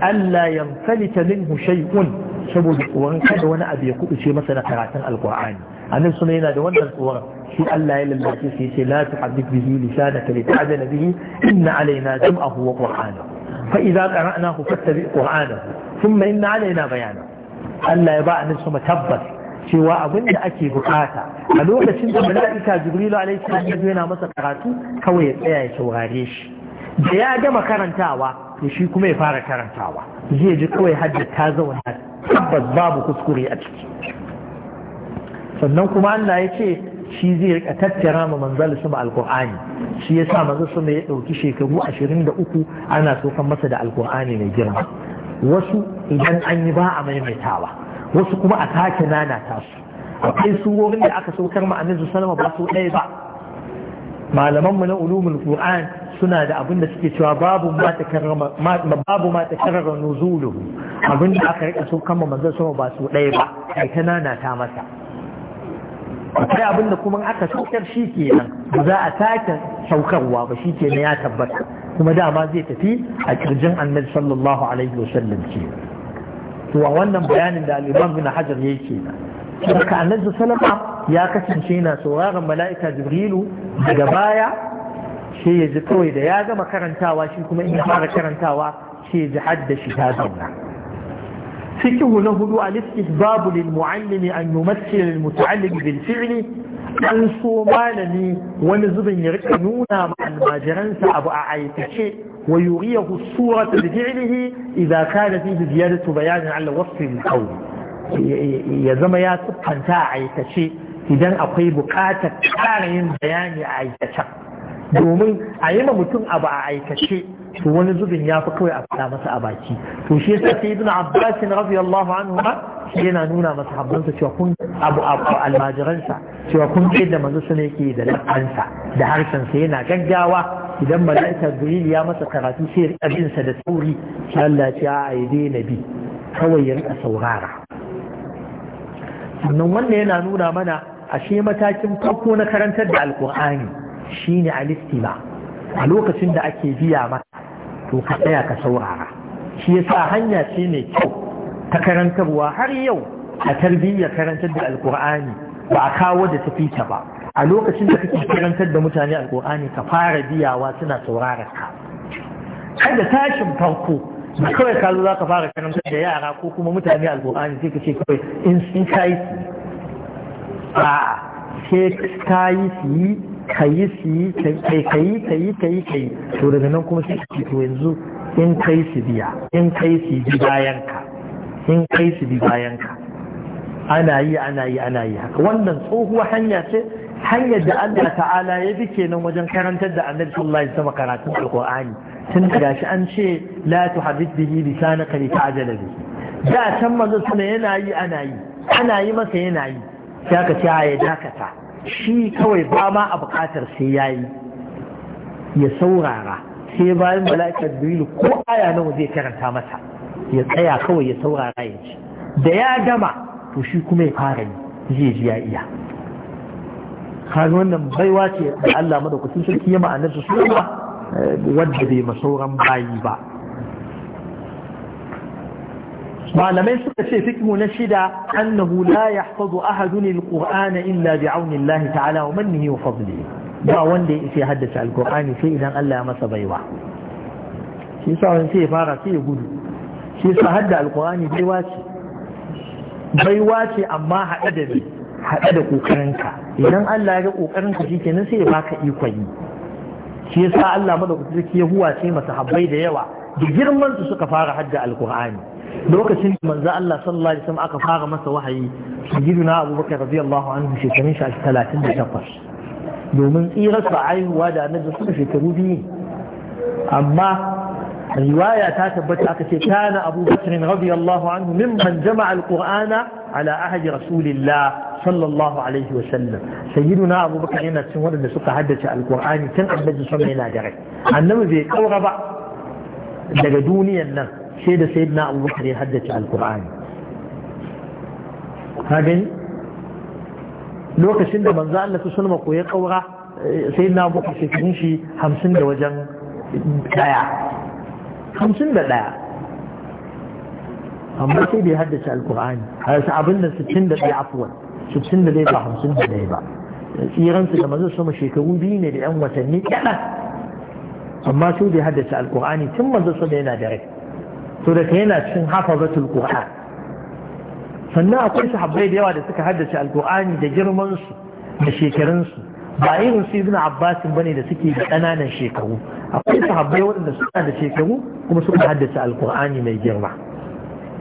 alla yanfalita minhu shay'un saboda tsoron kada wani abu ya ce masa na karatun alkur'ani annan suna yana da wannan tsoron shi Allah ya lallace sai ce la tuhaddith bihi lisanaka li ta'jala bihi inna alaina jam'ahu wa qur'anahu fa idza qara'nahu fattabi' qur'anahu thumma inna alaina bayana Allah ya ba annan suna tabbas cewa abin da ake bukata a lokacin da mala'ika jibrilu alaihi salam yana masa karatu kawai ya tsaya ya saurare shi da ya gama karantawa to shi kuma ya fara karantawa zai ji kawai hadda ta zauna tabbas babu kuskure a ciki sannan kuma Allah ya ce shi zai rika tattara ma manzal sama alqur'ani shi yasa manzo sama ya dauki shekaru 23 ana sokan masa da alqur'ani mai girma wasu idan an yi ba a maimaitawa wasu kuma a sake nana ta su akwai surorin da aka saukar ma annabi sallama ba su ɗaya ba malamanmu na ulumul qur'an suna da abin da suke cewa babu ma takarrama babu ma takarrara nuzulu abin da aka rika saukar ma manzon sama ba su ɗaya ba kai ta nana ta masa akwai abin da kuma aka saukar shi ke nan, za a sake saukarwa ba shi ke kenan ya tabbata kuma dama zai tafi a kirjin annabi sallallahu alaihi wasallam kenan to a wannan bayanin da al'imam bin hajar ya yake daga annabi salama ya kasance yana sauraron mala'ika jibrilu daga baya sai ya ji kawai da ya gama karantawa shi kuma in ya fara karantawa sai ya ji shi ta zauna fikihu na hudu al Babu lil mu'allimi an yumassil al muta'allim bil fi'li an so malami wani zubin ya rika nuna ma almajiransa abu a aikace wa yuriyahu surata bi fi'lihi idza kana fihi ziyadatu bayanin ala wasfi al ya zama ya siffanta a aikace idan akwai buƙatar ƙara yin bayani a aikace domin a yi ma mutum abu a aikace to wani zubin ya fi kawai a fada masa a baki to shi yasa sai ibn abbas radiyallahu anhu shi yana nuna masa habbansa cewa kun abu abu almajiransa cewa kun ce da manzo sune yake da lafansa da harshen sa yana gaggawa idan mala'ika jibril ya masa karatu sai ya rika sa da sauri. sai Allah ya daina a aide nabi kawai ya rika saurara sannan wannan yana nuna mana ashe matakin farko na karantar da alkur'ani shine alistima a lokacin da ake biya maka to ka tsaya ka saurara shi yasa hanya ce mai kyau ta karantarwa har yau a tarbiyyar karantar da alkur'ani ba a kawo da tafi ta ba a lokacin da kake karantar da mutane alkur'ani ka fara biyawa suna sauraron ka kada tashin farko ba kawai ka zo za ka fara karantar da yara ko kuma mutane alkur'ani sai ka ce kawai in sun kayi su a sai ka yi su yi Ka yi su yi kai ka yi ka yi to daga nan kuma sai ka to yanzu in kai su biya in kai su bi bayan ka in kai su bi bayan ka ana yi ana yi ana yi haka wannan tsohuwa hanya ce hanyar da Allah ta'ala ya bi kenan wajen karantar da annabi sallallahu alaihi wasallam karatun alqur'ani tun da gashi an ce la tuhaddith bihi lisanaka li ta'jala bihi da can manzo yana yi ana yi ana yi masa yana yi sai ka ci ya dakata shi kawai ba ma a bukatar sai ya yi ya saurara sai bayan malakar jibrilu ko aya nawa zai karanta masa ya tsaya kawai ya saurara ya ci da ya gama to shi kuma ya fara yi zai ji ya iya kaga wannan baiwa ce da Allah madaukakin sarki ya ma'anar su eh, wadda bai masauran bayi ba malamai suka ce fikihu na shida annahu la yahfazu ahadun alqur'ana illa bi'auni Allah ta'ala wa mannihi wa fadlihi ba wanda ya isa haddace alqur'ani sai idan Allah ya masa baiwa shi yasa wani sai ya fara sai ya gudu shi yasa hadda alqur'ani baiwa ce baiwa ce amma haɗe da bi haɗe da kokarinka idan Allah ya ga kokarinka shikenan sai ya baka ikon yi shi yasa Allah madaukakin sarki ya huwace masa habbai da yawa da girman su suka fara hadda alkur'ani lokacin da manzo Allah sallallahu alaihi wasallam aka fara masa wahayi sayyidina Abu Bakar radiyallahu anhu shekarun shi 38 domin tsirar sa aihuwa da annabi suka shekaru biyu amma riwaya ta tabbata aka ce kana Abu Abubakar radiyallahu anhu mimman jama'a alqur'ana ala ahdi rasulillah sallallahu alaihi wasallam sayyidina Abu Bakar yana cikin waɗanda suka haddace alqur'ani tun annabi sallallahu alaihi wasallam yana da rai annabi bai kaura ba daga duniyan nan sai da na abubakar ya haddace alkur'ani ka lokacin da manzo Allah su sunma koyi kaura eh, sayyidina abubakar shekarun shi hamsin da wajen daya hamsin da daya amma sai da ya haddace alkur'ani a yasa abin da sittin da ɗaya afuwan sittin da ɗaya ba hamsin da ɗaya ba tsiransu da manzo sama shekaru biyu ne da 'yan watanni kaɗan amma su bai haddace alkur'ani tun manzo su da yana da rai to da yana cikin hafazatul qur'an sannan akwai sahabbai da yawa da suka haddace alkur'ani da girman su da shekarun su ba irin su ibnu abbas bane da suke da kananan shekaru akwai sahabbai waɗanda suna da shekaru kuma suka haddace alkur'ani mai girma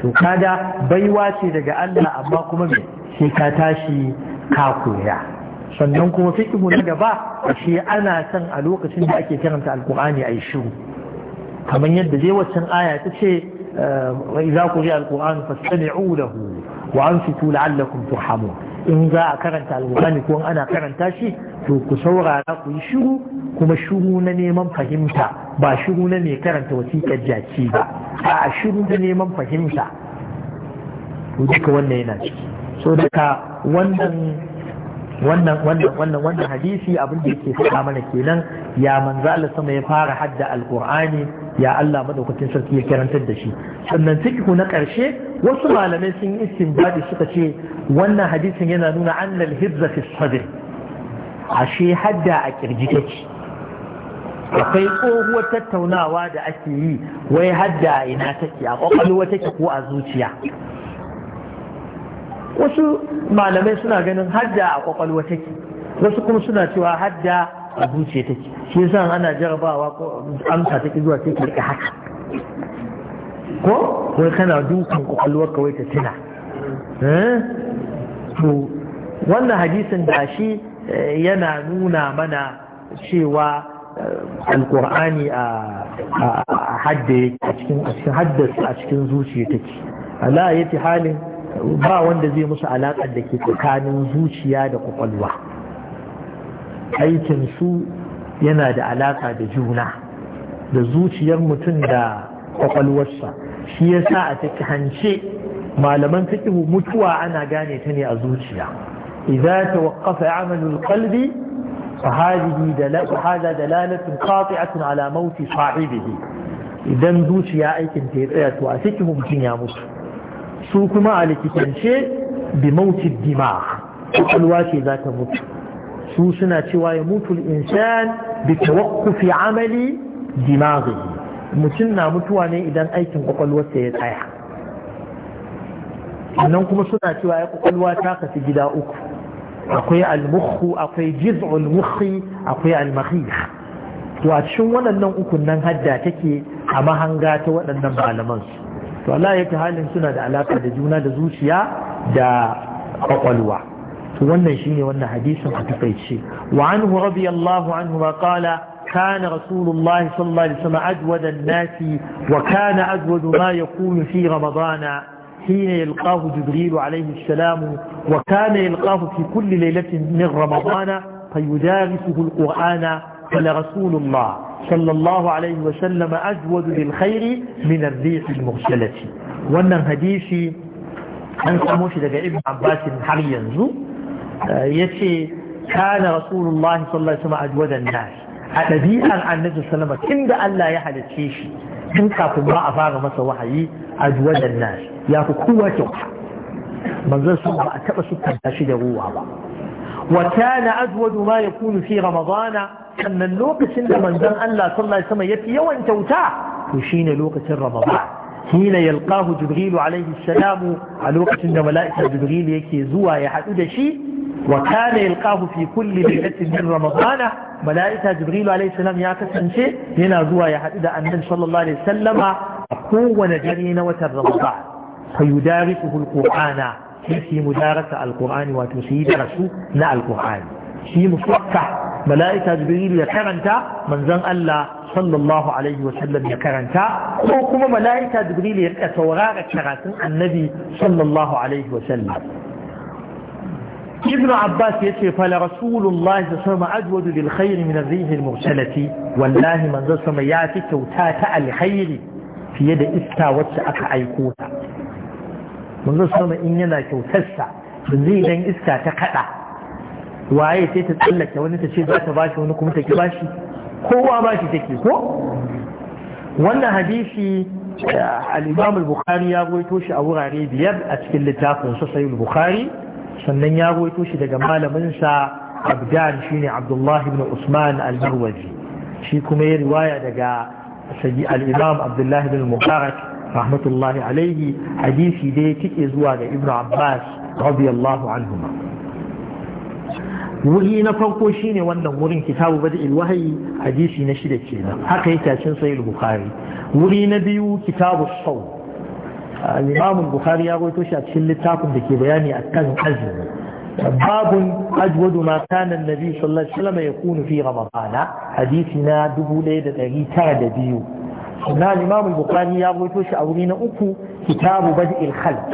to kada baiwa ce daga Allah amma kuma me sai ka tashi ka koya sannan kuma fiƙihu na gaba shi ana son a lokacin da ake karanta alkur'ani a yi shiru kamar yadda zai waccan aya ta ce wa idza quri alquran fastami'u lahu wa ansitu la'allakum turhamun in za a karanta alkur'ani ko ana karanta shi to ku saurara ku yi shiru kuma shiru na neman fahimta ba shiru na mai karanta wasiƙar jaki ba a shiru na neman fahimta to duka wannan yana ciki so daga wannan wannan wannan hadisi abinda yake faɗa mana kenan ya manzo Allah sama ya fara hadda alqur'ani ya Allah madaukakin sarki ya karantar da shi sannan fiqhu na karshe wasu malamai sun yi istinbadi suka ce wannan hadisin yana nuna annal hibza fi sadr ashe hadda a kirji take akwai tsohuwar tattaunawa da ake yi wai hadda ina take a kwakwalwa take ko a zuciya wasu malamai suna ganin hadda a kwakwalwa take wasu kuma suna cewa hadda a zuciya take shi yasa ana jarabawa ko amsa take zuwa take rike haka ko wai kana dukan kwakwalwar kawai ta tuna eh? to wannan hadisin da shi eh, yana nuna mana cewa eh, alkur'ani a hadda a cikin haddasa a cikin zuciya take ala yati halin ba wanda zai musu alaƙar da ke tsakanin zuciya da ƙwaƙwalwa. aikinsu yana da alaƙa da juna da zuciyar mutum da ƙwaƙwalwarsa. shi ya sa a fikihance malaman fikihu mutuwa ana gane ta ne a zuciya idza tawaqqafa amalu alqalbi fa hadhihi dalala hada dalalatun qati'atun ala mawti sahibihi idan zuciya aikin ta ya tsaya to a fikihu mutum ya mutu su kuma a likitance bi mauti dima kwakwalwa ce za ta mutu su suna cewa ya mutu insan bi tawakkufi amali dimaghi mutum na mutuwa ne idan aikin kwakwalwarsa ya tsaya sannan kuma suna cewa ya kwakwalwa ta kafi gida uku akwai almuhu akwai jiz'ul mukhi akwai almakhiyah to a cikin waɗannan ukun nan hadda take a mahanga ta waɗannan malaman su to Allah ya ta halin suna da alaka da juna da zuciya da kwakwalwa to wannan shine wannan hadisin a takaice wa anhu radiyallahu anhu ma qala كان رسول الله صلى الله عليه وسلم أجود الناس وكان أجود ما يكون في رمضان حين يلقاه جبريل عليه السلام وكان يلقاه في كل ليلة من رمضان فيدارسه القرآن ولرسول الله صلى الله عليه وسلم أجود بالخير من الريح المرسلة وأن حديثي أن سموش لك ابن عباس حريا يتي كان رسول الله صلى الله عليه وسلم أجود الناس أتبيئا عن نجل سلامة كند أن لا يحل تشيشي كن كافم رأى فاغ مسا وحيي أجود الناس يا كوة من ذا سوء أتبسك تشد روها وكان أزود ما يكون في رمضان أن اللوقة سنة من ذن ألا صلى الله عليه وسلم يفي وان توتع تشين لوقة رمضان حين يلقاه جبريل عليه السلام على لوقة ملائكة جبريل يكي زوا يحدد شيء وكان يلقاه في كل ليلة من رمضان ملائكة جبريل عليه السلام يكسن شيء هنا زوا يحدد أن صلى الله عليه وسلم قوة جرينة وتر رمضان فيدارسه القرآن sai su yi mudarasa alkur'ani wato su yi darasu na alkur'ani su yi musaffa mala'ika jibril ya karanta manzon Allah sallallahu alaihi wa sallam ya karanta ko kuma mala'ika jibril ya rika saurara karatun annabi sallallahu alaihi wa sallam ابن عباس يتي فلرسول الله صلى الله عليه وسلم أجود للخير من الريح المرسلة والله من ذا سمياتك fiye da iska wacce aka aiko ta. manzo sama in yana kyautarsa yanzu idan iska ta kada waye sai ta tsallake wani ta ce za ta bashi wani kuma ta ki bashi kowa bashi take ko wannan hadisi eh, al-Imam al-Bukhari ya goyito shi a wurare biyar a cikin littafin sa Sahih al-Bukhari sannan ya goyito shi daga malamin sa Abdan shine Abdullahi ibn Usman al-Marwazi shi kuma ya riwaya daga Sayyid al-Imam Abdullah ibn Mubarak rahmatullahi alaihi hadisi da ya tike zuwa ga ibnu abbas radiyallahu anhu wuri na farko shine wannan wurin kitabu bada'il wahayi hadisi na shida kenan haka yake cikin sahih bukhari wuri na biyu kitabu sau imam bukhari ya rawaito shi a cikin littafin da ke bayani akan azumi babun ajwadu ما كان النبي صلى الله عليه وسلم يكون في da حديثنا tara da biyu. na Imam Bukhari ya goto shi a wuri na uku kitabu bad'il khalq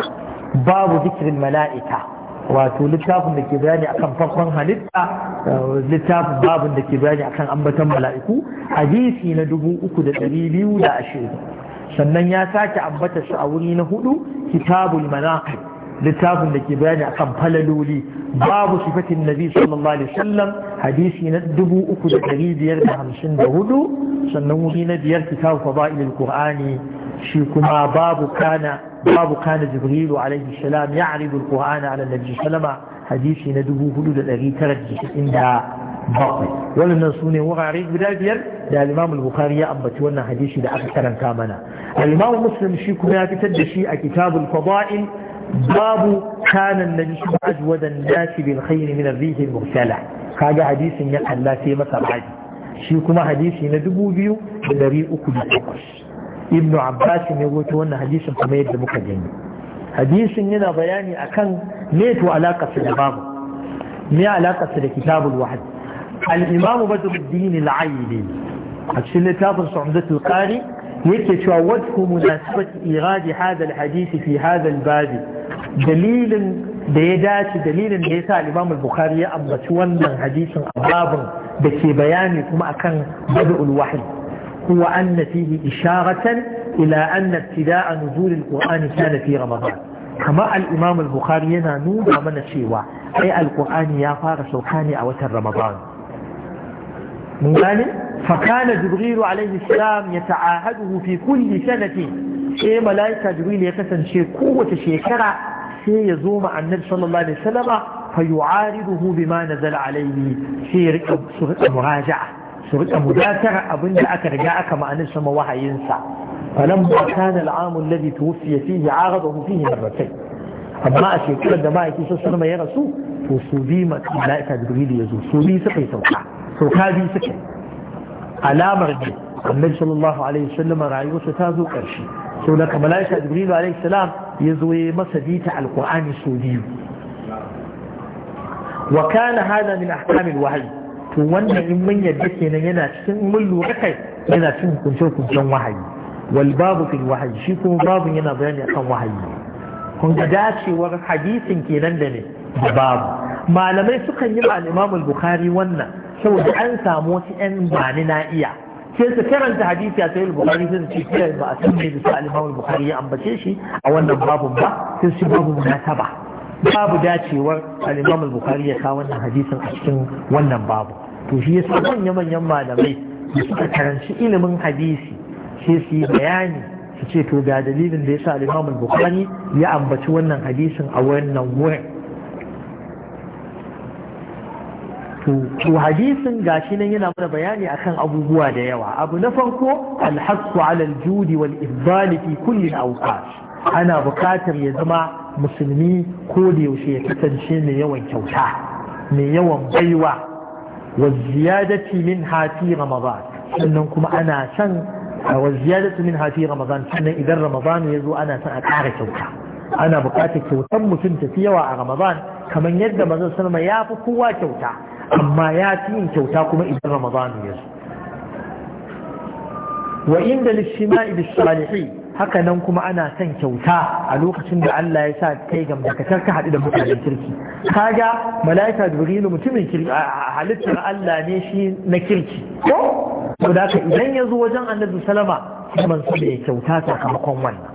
babu zikirin mala'ika wato littafin da ke bayani akan farkon halitta littafin babin da ke bayani akan ambatan mala'iku hadisi na dubu uku da ɗari biyu da ashirin sannan ya sake ambata shi a wuri na hudu kitabul manaqib littafin da ke bayani akan falaloli babu sifatin nabi sallallahu alaihi wasallam hadisi na 3554 sannan wuri na biyar kitabu fadailul qur'ani shi kuma babu kana babu kana jibrilu alaihi salam ya'ridu alqur'ana ala nabi sallama hadisi na 4997 wannan sune wurare guda biyar da al-Imam al-Bukhari ya ambaci wannan hadisi da aka karanta mana al-Imam Muslim shi kuma ya fitar da shi a kitabul fadail babu kanan nabi shi ajwada nasi bil khair min ar-rih al-mursala kaga hadisin ya kalla sai masa baji shi kuma hadisi na 2308 ibnu abbas ne goto wannan hadisin kuma yadda muka gani hadisin yana bayani akan me to da babu me alaƙarsa da kitabul wahd al-imam badruddin al-aili a cikin littafin su'udatul qari yake cewa wajhu munasabati iradi hadal alhadisi fi hadha albabi dalilin da ya dace dalilin da ya al-Imam al-Bukhari ya ambaci wannan hadisin a babin da ke bayani kuma akan bad'ul wahyi huwa anna fihi isharatan ila anna ibtida'a nuzul al-Qur'ani kana fi Ramadan kama al-Imam al-Bukhari yana nuna mana cewa ai al-Qur'ani ya fara sauka ne a watan Ramadan من فكان جبريل عليه السلام يتعاهده في كل سنة شيء ملائكة جبريل يقسم شيء قوة شيء كرع شيء يزوم عن النبي صلى الله عليه وسلم فيعارضه بما نزل عليه شيء سرق مراجعة سرق مذاكرة أبن لأك رجاءك مع النبي صلى الله عليه وسلم فلما كان العام الذي توفي فيه عارضه فيه مرتين amma a shekarar da ma'aikin sassan يرسو ya ملائكة جبريل يزوم bi سقي سوحا to ka bi suke alamar ne annabi sallallahu alaihi wasallam rayuwarsa ta zo karshe sau da malaika jibril alaihi salam ya zo ya masa bita alqur'ani sau biyu wa kana hada min ahkamil wahyi to wannan in mun yadda kenan yana cikin mun lura kai yana cikin kunce kuncen wahayi wal babu fil wahayi shi kuma babu yana bayani akan wahayi kun ga dacewar hadisin kenan da ne babu malamai sukan yi al-Imam al-Bukhari wannan saboda an samu wasu yan bani na iya sai su karanta hadisi a sahih bukhari sai su ce kira ba a san me bisa bukhari ya ambace shi a wannan babun ba sai su babu munasaba babu dacewar al-imam bukhari ya kawo wannan hadisin a cikin wannan babu to shi yasa manyan manyan malamai da suka karanci ilimin hadisi sai su yi bayani su ce to ga dalilin da yasa sa imam bukhari ya ambaci wannan hadisin a wannan wurin to hadisin gashi nan yana mana bayani akan abubuwa da yawa abu na farko alhassu alal judi wal ibdali fi kulli awqat ana bukatar ya zama musulmi ko da yaushe ya kasance mai yawan kyauta mai yawan baiwa wa ziyadati min hafi ramadan sannan kuma ana san wa ziyadati min hafi ramadan sannan idan ramadan ya zo ana san a ƙara kyauta ana bukatar kyautar mutum tafi yawa a ramadan kamar yadda manzon sallama ya fi kowa kyauta amma ya fi yin kyauta kuma idan ramadan ya zo wa inda lishima'i bis salihin haka nan kuma ana son kyauta a lokacin da Allah ya sa kai ga dakatar ka haɗu da mutanen kirki kaga malaika jibrilu mutumin kirki halittar Allah ne shi na kirki ko to da idan ya zo wajen annabi salama sai ya kyauta sakamakon wannan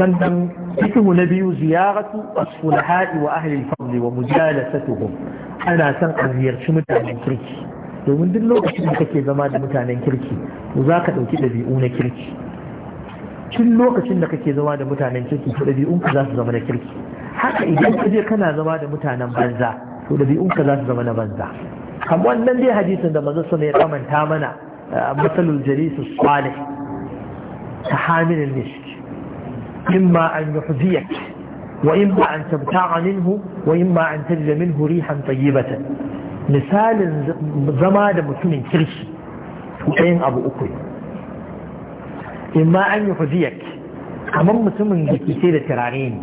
sannan fikihu na biyu ziyaratu sulha'i wa ahli al wa mujalasatuhum ana son a ziyarci mutanen kirki domin duk lokacin da kake zama da mutanen kirki to za ɗauki ɗabi'u na kirki tun lokacin da kake zama da mutanen kirki to ɗabi'unka za su zama na kirki haka idan ka je kana zama da mutanen banza to ɗabi'unka za su zama na banza kan wannan dai hadisin da manzo sama ya kamanta mana masalul jalisu salih ta hamilin misk إما أن يحزيك وإما أن تبتاع منه وإما أن تجد منه ريحا طيبة مثال زمان مثمين كرشي وإن أبو أكوي إما أن يحذيك أمام مثمين كثير ترانين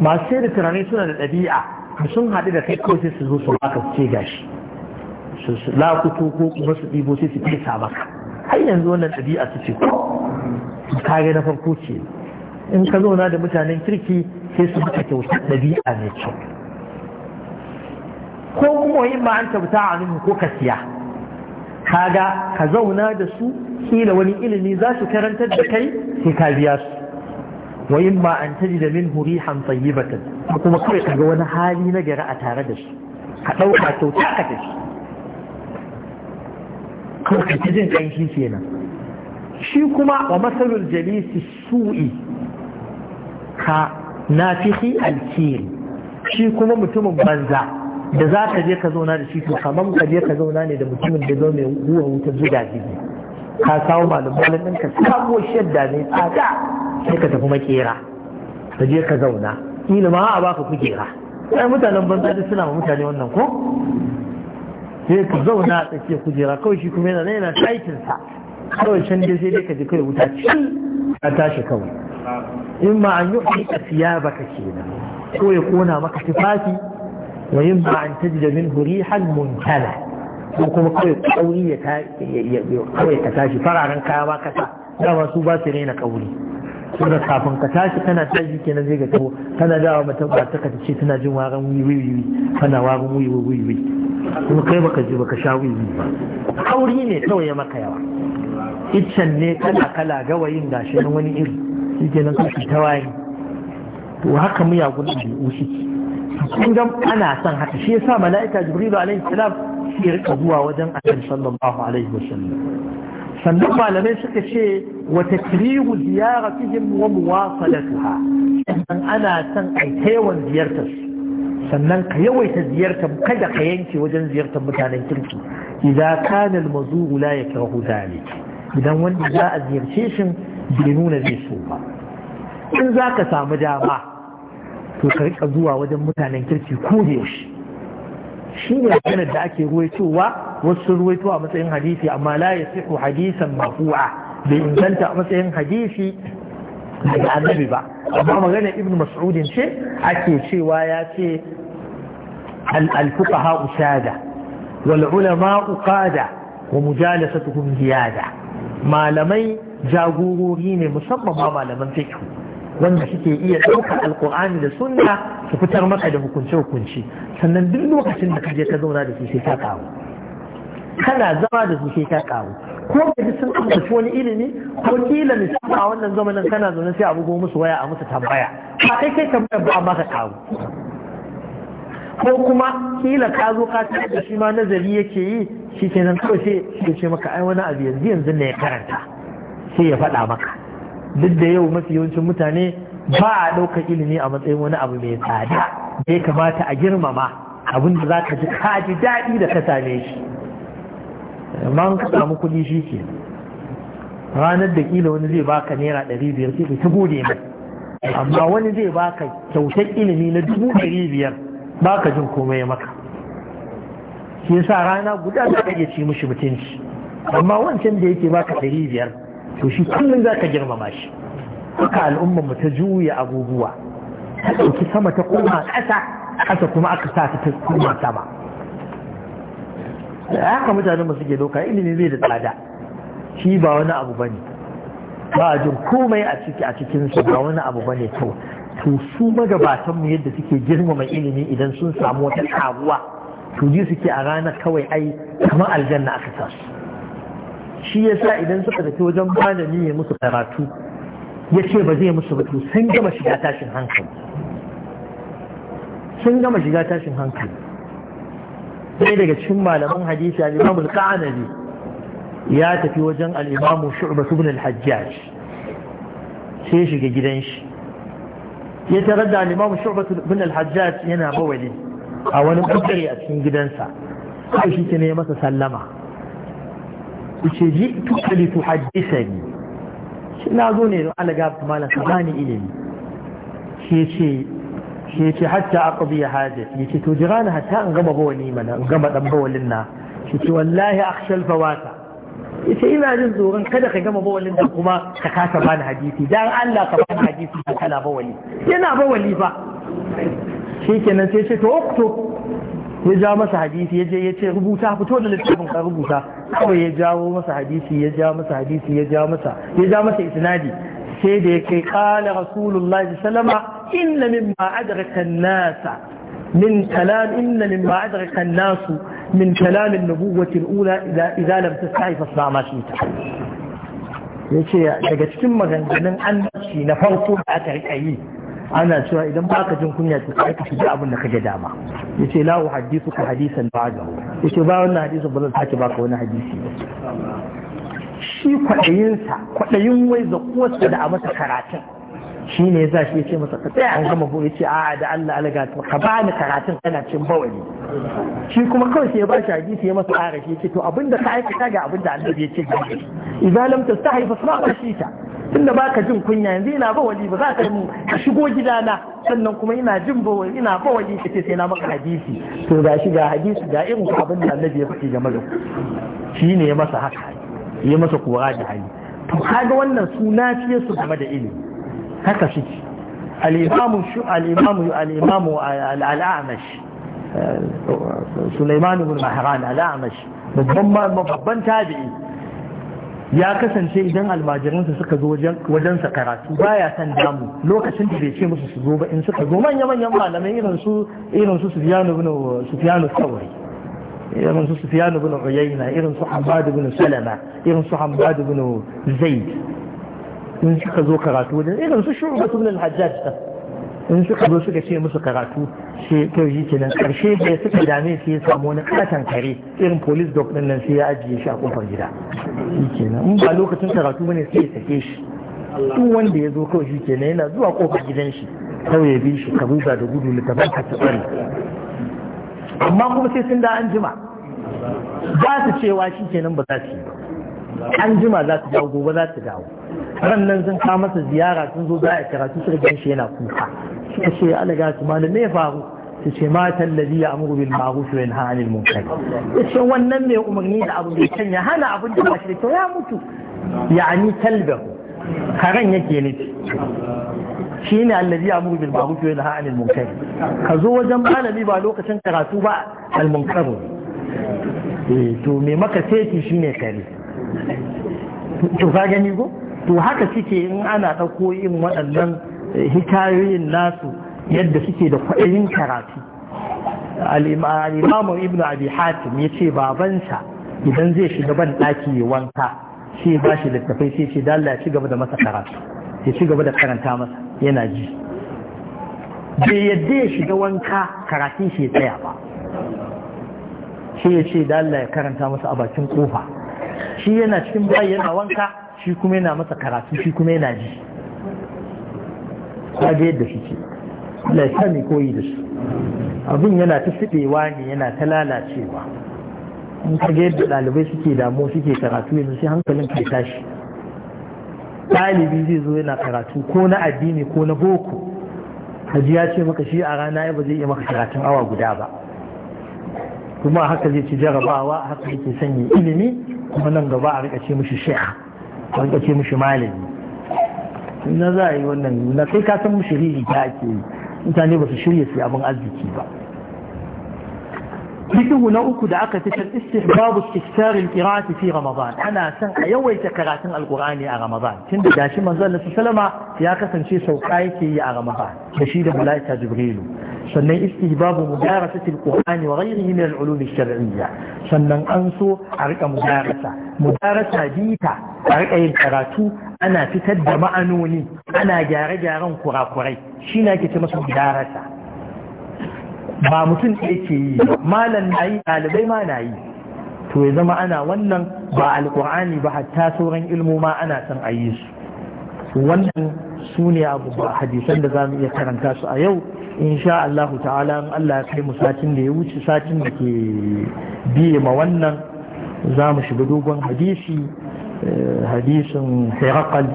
ما سير ترانين سنة الأبيعة مثم هذه دقيقة كوسي سلو صلاة السيجاش لا كتوكو مصدي بوسي سبيل سابق هيا نزولنا الأبيعة تسيكو كاغي نفر كوتشي in ka zauna da mutanen kirki sai su maka kyauta ɗabi'a mai kyau ko kuma yin ma an kyauta a nuhu ko ka siya kaga ka zauna da su kila wani ilimi za su karantar da kai sai ka biya su wa in ma an taji da min huri hamsan yi batun kuma kawai ka ga wani hali na gari a tare da su ka ɗauka kyauta ka tafi kawai ka jin ƙanshi kenan shi kuma wa masalul jalisi su'i ka nafihi alkiri shi kuma mutumin banza da za ka je ka zauna da shi to kamar ka je ka zauna ne da mutumin da zo mai ruwa wuta zuga jiki ka kawo malumalin ɗinka samo shadda mai tsada sai ka tafi makera ka je ka zauna ilima a baka kujera sai mutanen banza duk suna ma mutane wannan ko sai ka zauna a tsakiyar kujera kawai shi kuma yana yana taikinsa kawai can dai sai dai ka je kai wuta ci a tashi kawai in ma an yi siya baka kenan ko ya kona maka tufafi wa in ma an tajida min hurihan munkala ko kuma kawai kauri ya kawai ka tashi fararen kaya ma kasa dama su ba su raina kauri saboda kafin ka tashi kana tashi kenan zai ga taho kana dawa mata ba ta kace ce tana jin warin wuyi kana warin kuma kai baka ji baka sha wuyi-wuyi ba kauri ne kawai ya maka yawa iccen ne kala kala gawayin gashi wani iri shi ke nan kashi ta waye to haka miyagun ɗabi'u shi kun ga ana son haka shi yasa mala'ika jibrilu alaihi salam shi rika zuwa wajen annabi sallallahu alaihi wasallam sannan malamai suka ce wa takrihu ziyaratihim wa muwasalatuha sannan ana son ai ta yawan ziyartar sannan ka yawaita ziyartar kada ka yanke wajen ziyartar mutanen kirki idan kana al-mazuru la yakrahu dhalik idan wanda za a ziyarce shi bai nuna zai so ba in za ka samu dama to ka rika zuwa wajen mutanen kirki ko da yaushe shi ne maganar da ake ruwaitowa wasu ruwaito a matsayin hadisi amma la ya sihu hadisan mafu'a bai inganta a matsayin hadisi daga annabi ba amma maganar ibn mas'udin ce ake cewa ya ce al-fuqaha usada wal ulama uqada wa mujalasatuhum ziyada malamai jagorori ne musamman ma malaman fiqh wanda suke iya ɗaukar alkur'ani da sunna su fitar maka da hukunce hukunci sannan duk lokacin da kaje ka zauna da su sai ka kawo kana zama da su sai ka kawo ko ji sun ambaci wani ilimi ko kila sun a wannan zamanin kana zaune sai a bugo musu waya a musu tambaya ba kai kai tambaya ba amma ka kawo ko kuma kila ka zo ka da shi ma nazari yake yi shi kenan kawai sai ya ce maka ai wani abu yanzu yanzu ne ya karanta sai ya faɗa maka duk da yau mafi yawancin mutane ba a ɗauka ilimi a matsayin wani abu mai tsada da ya kamata a girmama abin da za ka ji ka ji daɗi da ka same shi amma ka samu kuɗi shi ke ranar da kila wani zai baka naira ɗari biyar sai ka ta gode mai amma wani zai baka kyautar ilimi na dubu ɗari biyar baka jin komai maka shi sa rana guda za ka iya ci mishi mutunci amma wancan da yake baka ɗari biyar to shi kullum za ka girmama shi haka al'ummar mu ta juya abubuwa ta ɗauki sama ta koma ƙasa ƙasa kuma aka sa ta koma sama da haka mutanen mu suke doka ilimi zai da tsada shi ba wani abu ba ne. ba a jin komai a ciki a cikin su ba wani abu ba ne to to su magabatan mu yadda suke girmama ilimi idan sun samu wata karuwa to ji suke a ranar kawai ai kamar aljanna aka sa shi ya sa idan suka zafi wajen malami ya musu karatu ya ce ba zai musu ba sun gama shiga tashin hankali sun gama shiga tashin hankali sai daga cikin malaman hadisi al al-qanabi ya tafi wajen al'imamu imam shu'bah ibn al-hajjaj sai shiga gidan shi ya tarar da al'imamu imam shu'bah ibn hajjaj yana bawali a wani bangare a cikin gidansa sai shi ne masa sallama ku ce ji tuka li tuhaddisani shi na zo ne don alaga ku malam ka bani ilimi shi ce shi ce hatta aqdi ya hajat ya ce to jira na hatta an gama bawani mana an gama dan bawalin na shi ce wallahi akhshal wata." ya ce ina jin tsoron kada ka gama bawalin da kuma ka kasa bani hadisi dan Allah ka bani hadisi da kana bawali yana bawali fa shi kenan sai ce to oktob ya ja masa hadisi ya je ya ce rubuta fito da littafin ka rubuta kawai ya jawo masa hadisi ya ja masa hadisi ya ja masa ya ja masa isnadi sai da ya kai kala rasulullahi sallama inna mimma adraka an-nasa min kalam inna mimma adraka an-nasu min kalam an-nubuwwati al-ula idza idza lam tastahi fasma ma shi'ta yace daga cikin maganganun annabci na farko da aka rika yi ana cewa idan ba ka jin kunya sai ka shiga abin da kake dama yace la ka hadisan ba'da yace ba wannan hadisi ba zan sake baka wani hadisi ba. shi kwaɗayinsa kwaɗayin wai da kowace da a masa karatun shi ne za shi ya ce masa ka tsaya an gama ya ce a'a da Allah alaga ka bani karatun kana cin bawali shi kuma kawai sai ya ba shi hadisi ya masa ƙara shi ce to da ka aikata ga da annabi ya ce ga idan lam tastahi fa sama ta tunda baka jin kunya yanzu ina ba wali ba za ka mu ka shigo gidana sannan kuma ina jin ba wali ina ba wali kace sai na maka hadisi to ga shi ga hadisi ga irin abinda annabi ya faɗi ga da shi ne ya masa haka ya masa kura da hali to kaga wannan suna fiye su game da ilimi haka shi al-imamu al-imamu al-imamu al-a'mash آه، سليمان بن مهران الأعمش بضم مضبن تابعي يا كسن شيء إذن الماجرين سكذو وجن وجن سكرات بايا سندام لو كسن تبيشي مس سكذو إن سكذو ما يما يما لما يرن سو يرن سو سفيان بن سفيان الثوري يرن سو سفيان بن عيينة يرن سو حماد بن سلمة يرن سو حماد بن زيد إن سكذو كرات وجن يرن سو شعبة بن الحجاج in suka zo suka ce musu karatu shi to yi kenan karshe da suka dame shi ya samu wani katan kare irin polis dok din nan sai ya ajiye shi a kofar gida shi kenan in ba lokacin karatu bane sai ya sake shi duk wanda ya zo kawai shi kenan yana zuwa kofar gidan shi kawai ya bi shi ka buga da gudu littafin ka ta tsari amma kuma sai sun da an jima ba su cewa shi kenan ba za su yi ba an jima za su dawo gobe za su dawo ran nan sun kawo masa ziyara sun zo za a karatu su rigan shi yana kuka suka ce alaga su malam me faru su ce matan ladhi ya amuru bil ma'ruf wa yanha 'anil munkar ce wannan mai umarni da abu bai canya hana abin da ba shi to ya mutu yani talba karen yake nufi shi ne allazi ya amuru bil ma'ruf wa yanha 'anil munkar ka zo wajen malami ba lokacin karatu ba al munkar eh, to me maka sai ki shine kare to ka gani ko to haka suke in ana ɗauko yin waɗannan eh, hikayoyin nasu yadda suke da kwaɗayin karatu al'imamu ibn abi hatim ya ce babansa idan zai shiga ban ɗaki ya wanka sai ba shi littafai sai ce dalla ya ci gaba da masa karatu ya ci gaba da karanta masa yana ji bai yadda ya shiga wanka karatun shi ya tsaya ba sai ya ce dalla ya karanta masa a bakin kofa shi yana cikin bayi yana wanka shi kuma yana masa karatu shi kuma yana ji kaga yadda shi ce Allah ya koyi da su abin yana ta siɗewa ne yana ta lalacewa in ka ga yadda ɗalibai suke damu suke karatu yanzu sai hankalin kai tashi ɗalibi zai zo yana karatu ko na addini ko na boko haji ya ce maka shi a rana ya ba zai iya maka karatun awa guda ba kuma haka zai ci jarabawa haka yake sanya ilimi kuma nan gaba a rika ce mushi sheikh a rika ce mushi malami na za a yi wannan na kai ka san mishi riri ta ake mutane ba su shirya su abin arziki ba fikihu na uku da aka fitar istihbabu kisarin qira'ati fi ramadan ana san a yawaita karatun alqur'ani a ramadan tunda gashi manzon nasu salama ya kasance sauka yake yi a ramadan da shi da malaika jibrilu sannan istihbabu mudarasati alqur'ani wa ghayrihi min al'ulum ash-shar'iyya sannan an so a rika mudarasa mudarasa bita a rika yin karatu ana fitar da ma'anoni ana gyare-gyaren kurakurai shi na ke ce masa mudarasa ba mutum ɗaya ke yi malam na yi ɗalibai ma na yi to ya zama ana wannan ba Alƙur'ani ba hatta sauran ilmu ma ana son a yi su wannan su ne abu ba hadisan da za mu iya karanta su a yau insha Allah ta'ala in Allah ya kai mu satin da ya wuce satin da ke biye ma wannan za mu shiga dogon hadisi eh, hadisin herakal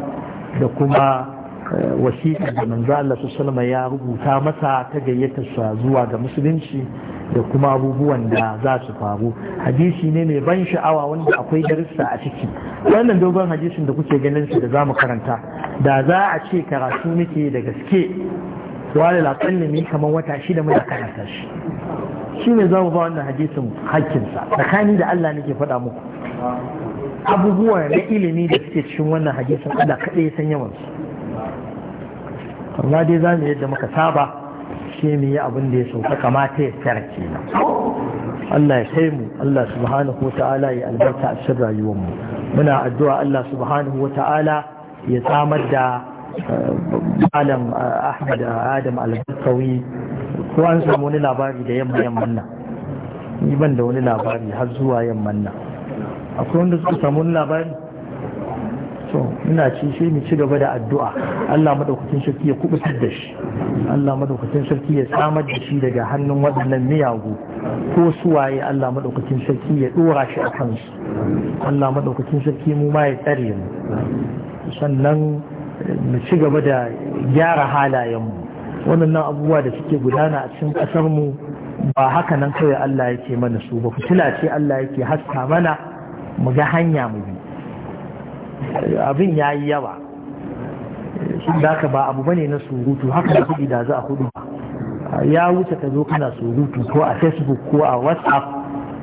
da kuma Wasiƙa da manzo Allah sallama ya rubuta masa ta gayyata gayyatarsa zuwa ga musulunci da kuma abubuwan da za su faru hadisi ne mai ban sha'awa wanda akwai darussa a ciki wannan dogon hadisin da kuke ganin shi da zamu karanta da za a ce karatu muke da gaske wani laƙalli ne kamar wata shida muna karanta shi shi ne za mu ba wannan hadisin hakkinsa tsakani da Allah nake faɗa muku abubuwan na ilimi da suke cikin wannan hadisin Allah kaɗai ya san yawansu amma dai za mu yadda muka saba shi mu yi abin da ya sauka kamata ya tsara kenan Allah ya kai mu Allah subhanahu wa ta'ala ya albarka a cikin rayuwar mu muna addu'a Allah subhanahu wa ta'ala ya tsamar da eh, malam eh, Ahmad eh, Adam Al-Bakkawi ko an samu wani labari da yamma yamman nan ni ban da wani labari har zuwa yamman nan akwai wanda suka samu wani labari to ina ci sai mu ci gaba da addu'a Allah madaukakin sarki ya kubutar da shi Allah madaukakin sarki ya samar da shi daga hannun waɗannan miyagu ko suwaye Allah madaukakin sarki ya dora shi a kansu Allah madaukakin sarki mu ma ya tsare mu sannan eh, mu ci gaba da gyara halayen halayenmu waɗannan abubuwa da suke gudana a cikin ƙasarmu mu ba haka nan kawai Allah yake mana su ba fitila ce Allah yake haska mana mu ga hanya mu bi abin ya yi yawa shi da ka ba abu bane na surutu haka da kuɗi da za a hudu ya wuce ka zo kana surutu ko a facebook ko a whatsapp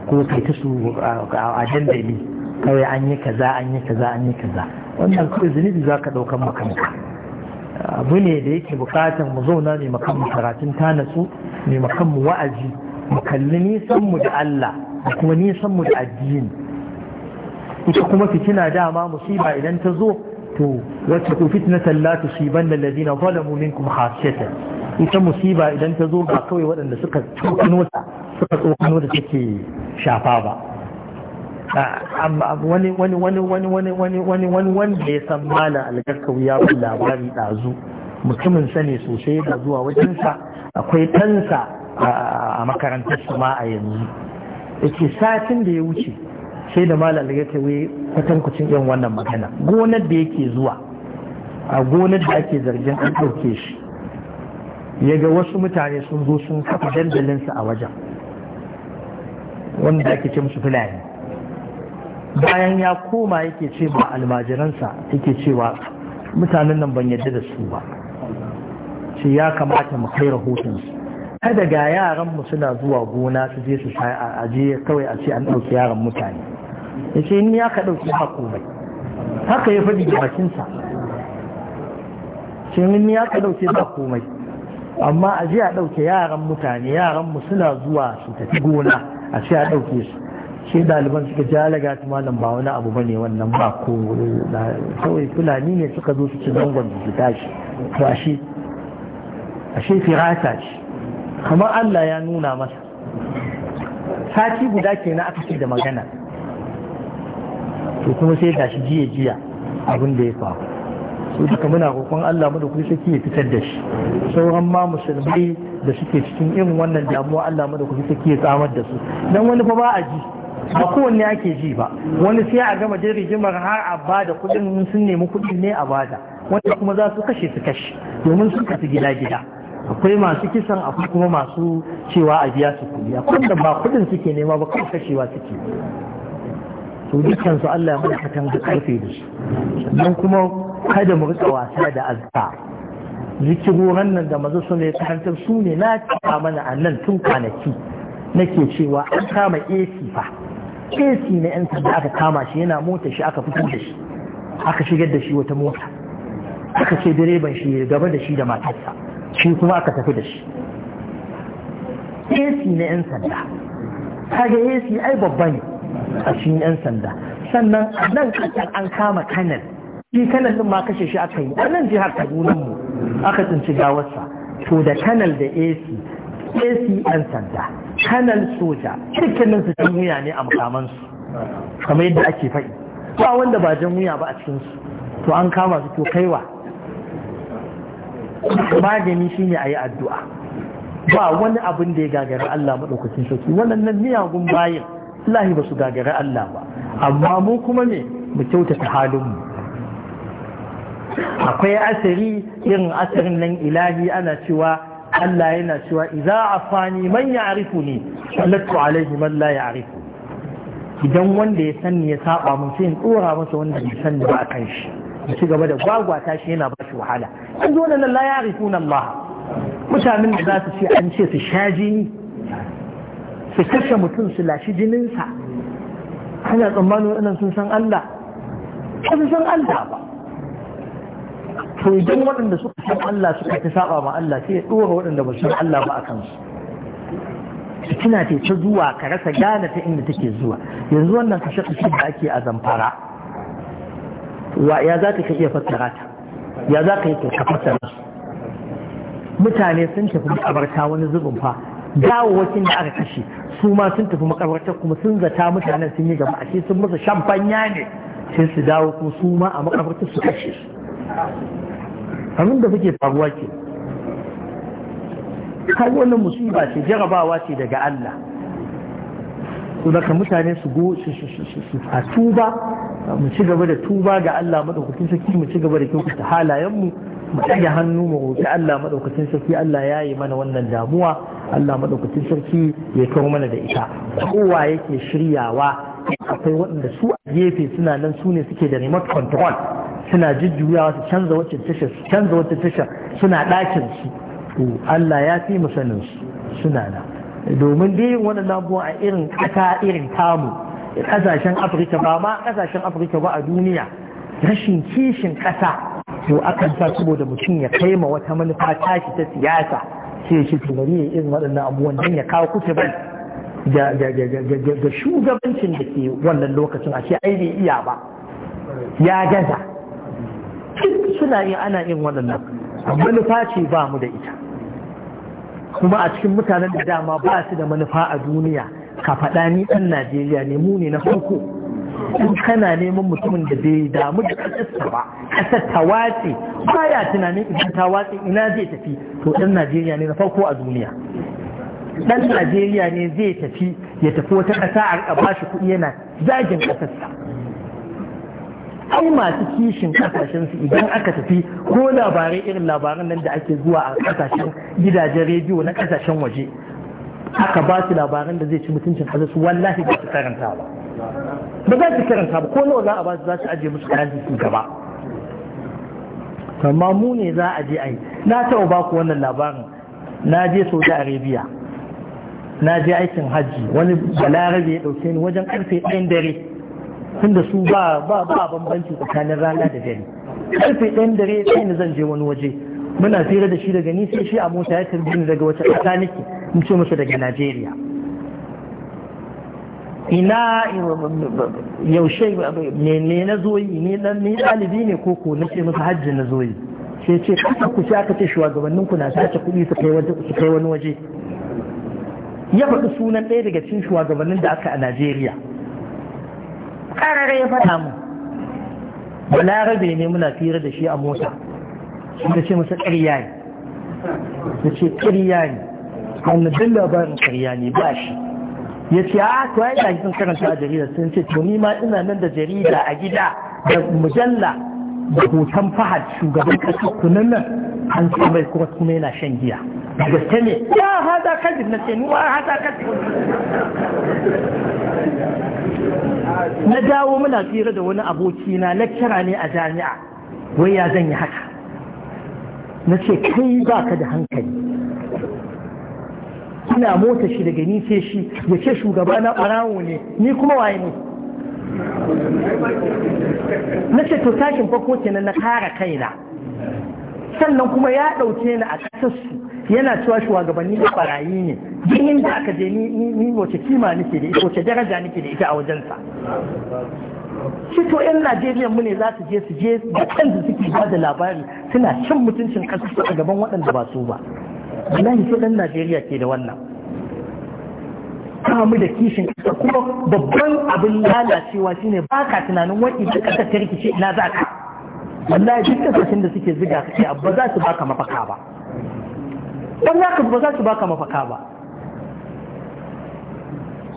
ko kai ta su a dandali kawai an yi kaza an yi kaza an yi kaza wannan kawai zunubi za ka daukan makanka abu ne da yake bukatar mu zauna ne makan karatun ta natsu ne makan mu wa'azi mu kalli nisan mu da Allah da kuma nisan mu da addini ita kuma fitina dama musiba idan ta zo to wacce ku fitnatan la tusiban alladhina zalamu minkum khashyatan ita musiba idan ta zo ba kawai waɗanda suka tsokano ta suka tsokano da take shafa ba wani wani wani wani wani wani wani wani wanda ya san mala algarkawi ya bin labari ɗazu mutumin sani sosai da zuwa wajensa akwai ɗansa a makarantar su ma a yanzu yake satin da ya wuce sai da malam ya ce wai kwatankwacin yan wannan magana gonar da yake zuwa a gonar da ake zargin an ɗauke shi ya ga wasu mutane sun zo sun kafa dandalinsa a wajen wanda ake ce musu fulani bayan ya koma yake ce ba almajiransa yake cewa mutanen nan ban yadda da su ba shi ya kamata mu kai rahotonsu kada ga yaran mu suna zuwa gona su je su je kawai a ce an ɗauki yaran mutane ya ce in ya ka ɗauki ba komai haka ya faɗi da bakinsa ce in ya ka ɗauke ba komai amma a ji a ɗauke yaran mutane yaran mu suna zuwa su tafi gona a ce a ɗauke su sai ɗaliban suka ji alaga ta malam ba wani abu bane wannan ba ko kawai fulani ne suka zo su ci zangon su tashi to ashe ashe firata ce kamar Allah ya nuna masa sati guda kenan aka ce da magana to kuma sai da shi jiya jiya abin da ya faru su duka muna roƙon Allah mu da ku sai ya fitar da shi sauran ma musulmai da suke cikin irin wannan damuwa Allah mu da ku sai ya tsamar da su dan wani fa ba a ji ba kowanne ake ji ba wani sai a gama da rigimar har a bada kuɗin sun nemi kuɗin ne a bada wanda kuma za su kashe su kashe domin su kasu gida gida akwai masu kisan akwai kuma masu cewa a biya su kuɗi akwai wanda ba kuɗin suke nema ba kuma kashewa suke to dukkan su Allah ya mana fatan karfe da shi Don kuma kada mu rika wasa da azka zikiroran nan da maza su ne karantar su ne na cika mana a nan tun kwanaki nake cewa an kama AC fa AC na yan sanda aka kama shi yana mota shi aka fito da shi aka shigar da shi wata mota aka ce direban shi gaba da shi da matarsa shi kuma aka tafi da shi AC na yan sanda kage AC ai babba ne a cikin yan sanda sannan nan kasar an kama kanan shi kanal din ma kashe shi aka yi a nan jihar kaduna mu aka tsinci gawarsa to da kanal da ac ac yan sanda kanal soja dukkanin su jan wuya ne a mukamansu kamar yadda ake faɗi ba wanda ba jan wuya ba a cikinsu to an kama su to kaiwa magani shine a yi addu'a ba wani abin da ya gagari Allah maɗaukacin sauki waɗannan miyagun bayin lahi ba su gagari Allah ba amma mu kuma ne mu kyautata halin mu. akwai asiri irin asirin nan ilahi ana cewa Allah yana cewa idza afani man ya'rifu ni alaihi man la ya'rifu idan wanda ya sani ya saba mun sai in tsora masa wanda bai sani ba akan shi ya ci gaba da gwagwata shi yana ba shi wahala an zo nan la ya'rifuna Allah mutanen da za su ce an ce su sha jini. su kashe mutum su lashi jininsa ana tsammanin waɗannan sun san Allah ba sun san Allah ba to idan waɗanda suka san Allah suka ta saba ma Allah sai ya ɗora waɗanda ba san Allah ba a kansu fitina ce ta zuwa ka rasa gane ta inda take zuwa yanzu wannan kashe kashe da ake a zamfara wa ya za ka iya fassara ta ya za ka yi ka fassara su mutane sun tafi makabarta wani zubin fa dawowacin da aka kashe su ma sun tafi makabartar kuma sun zata mutanen sun yi gaba ashe sun musu shamfanya ne sai su dawo kuma su ma a makabartar su kashe su abin da suke faruwa ke kai wannan musiba ce jarabawa ce daga Allah to mutane su go su a tuba mu ci gaba da tuba ga Allah madaukakin sarki mu ci gaba da kyautata mu. mu ɗage hannu mu roƙi Allah madaukakin sarki Allah ya yi mana wannan damuwa Allah madaukakin sarki ya kawo mana da ita kowa yake shiryawa akwai waɗanda su a gefe suna nan su ne suke da remote control suna jujjuyawa su canza wacce tashar su canza wacce tashar suna ɗakin su to Allah ya fi mu sanin su suna nan domin dai yin wannan abubuwa a irin ƙasa irin tamu ƙasashen Afirka ba ma ƙasashen Afirka ba a duniya rashin kishin ƙasa to akan sa saboda mutum ya kai ma wata manufa tashi ta siyasa sai shi tunani ya irin waɗannan abubuwan don ya kawo kutuban da shugabancin da ke wannan lokacin a ce ai bai iya ba ya gaza suna yin ana yin waɗannan manufa ce ba mu da ita kuma a cikin mutanen da dama ba su da manufa a duniya ka faɗa ni ɗan najeriya ne mu ne na farko in kana neman mutumin da bai damu da ƙasarsa ba ƙasar ta watse ya tunanin idan ta watse ina zai tafi to ɗan najeriya ne na farko a duniya ɗan najeriya ne zai tafi ya tafi wata ƙasa a ba shi kuɗi yana zagin ƙasarsa ai masu kishin ƙasashensu idan aka tafi ko labarai irin labaran nan da ake zuwa a ƙasashen gidajen rediyo na ƙasashen waje aka ba su labaran da zai ci mutuncin ƙasarsu wallahi ba su karanta ba ba za su karanta ba ko nawa za a ba su za su aje musu kayan su gaba amma mu ne za a je ai na taɓa ba ku wannan labarin na je saudi arabia na je aikin hajji wani balarabe ya ɗauke ni wajen karfe ɗayan dare tunda su ba ba ba bambanci tsakanin rana da dare karfe ɗayan dare sai ni zan je wani waje muna fira da shi daga nisa shi a mota ya tarbi daga wata ƙasa in ce masa daga najeriya ina yaushe ne na zoyi ne ɗalibi ne ko ko na ce masa hajji na zoyi sai ce kasa ku ce aka ce shugabannin ku na sace kuɗi su kai wani waje ya faɗi sunan ɗaya daga cikin shugabannin da aka a Najeriya ƙarare ya faɗa mu balarabe ne muna fira da shi a mota da ce masa ƙarya ne da ce ƙarya ne wannan dalla labarin ƙarya ne ba shi ya ce a ah, to ai gashi sun karanta a jarida sun ce to ni ma ina nan da jarida a gida da mujalla da hoton fahad shugaban kasar kunan nan an ce mai kuma kuma yana shan giya da gaske ne ya haza kajin na ce ni ma haza kadir na dawo muna tsira da wani aboki na lecturer ne a jami'a wai ya zan yi haka na ce kai ka da hankali ina mota shi daga ni ce shi ya ce shugaba na ɓarawo ne ni kuma waye ne na ce to tashin farko kenan na kara kaina sannan kuma ya ɗauke ni a su yana cewa shugabanni da ɓarayi ne duk inda aka je ni wace kima nake da ita wace daraja nake da ita a wajensa shi to yan najeriya mu ne za su je su je da kansu suke ba da labari suna cin mutuncin ƙasarsu a gaban waɗanda ba su ba wallahi su dan Najeriya ke da wannan kamu da kishin kasa kuma babban abin lalacewa shine ba ka tunanin wani da ƙasa ta rikice ina za ka wallahi duk kasashen da suke ziga ka ce ba za su baka mafaka ba wallahi ba za su baka mafaka ba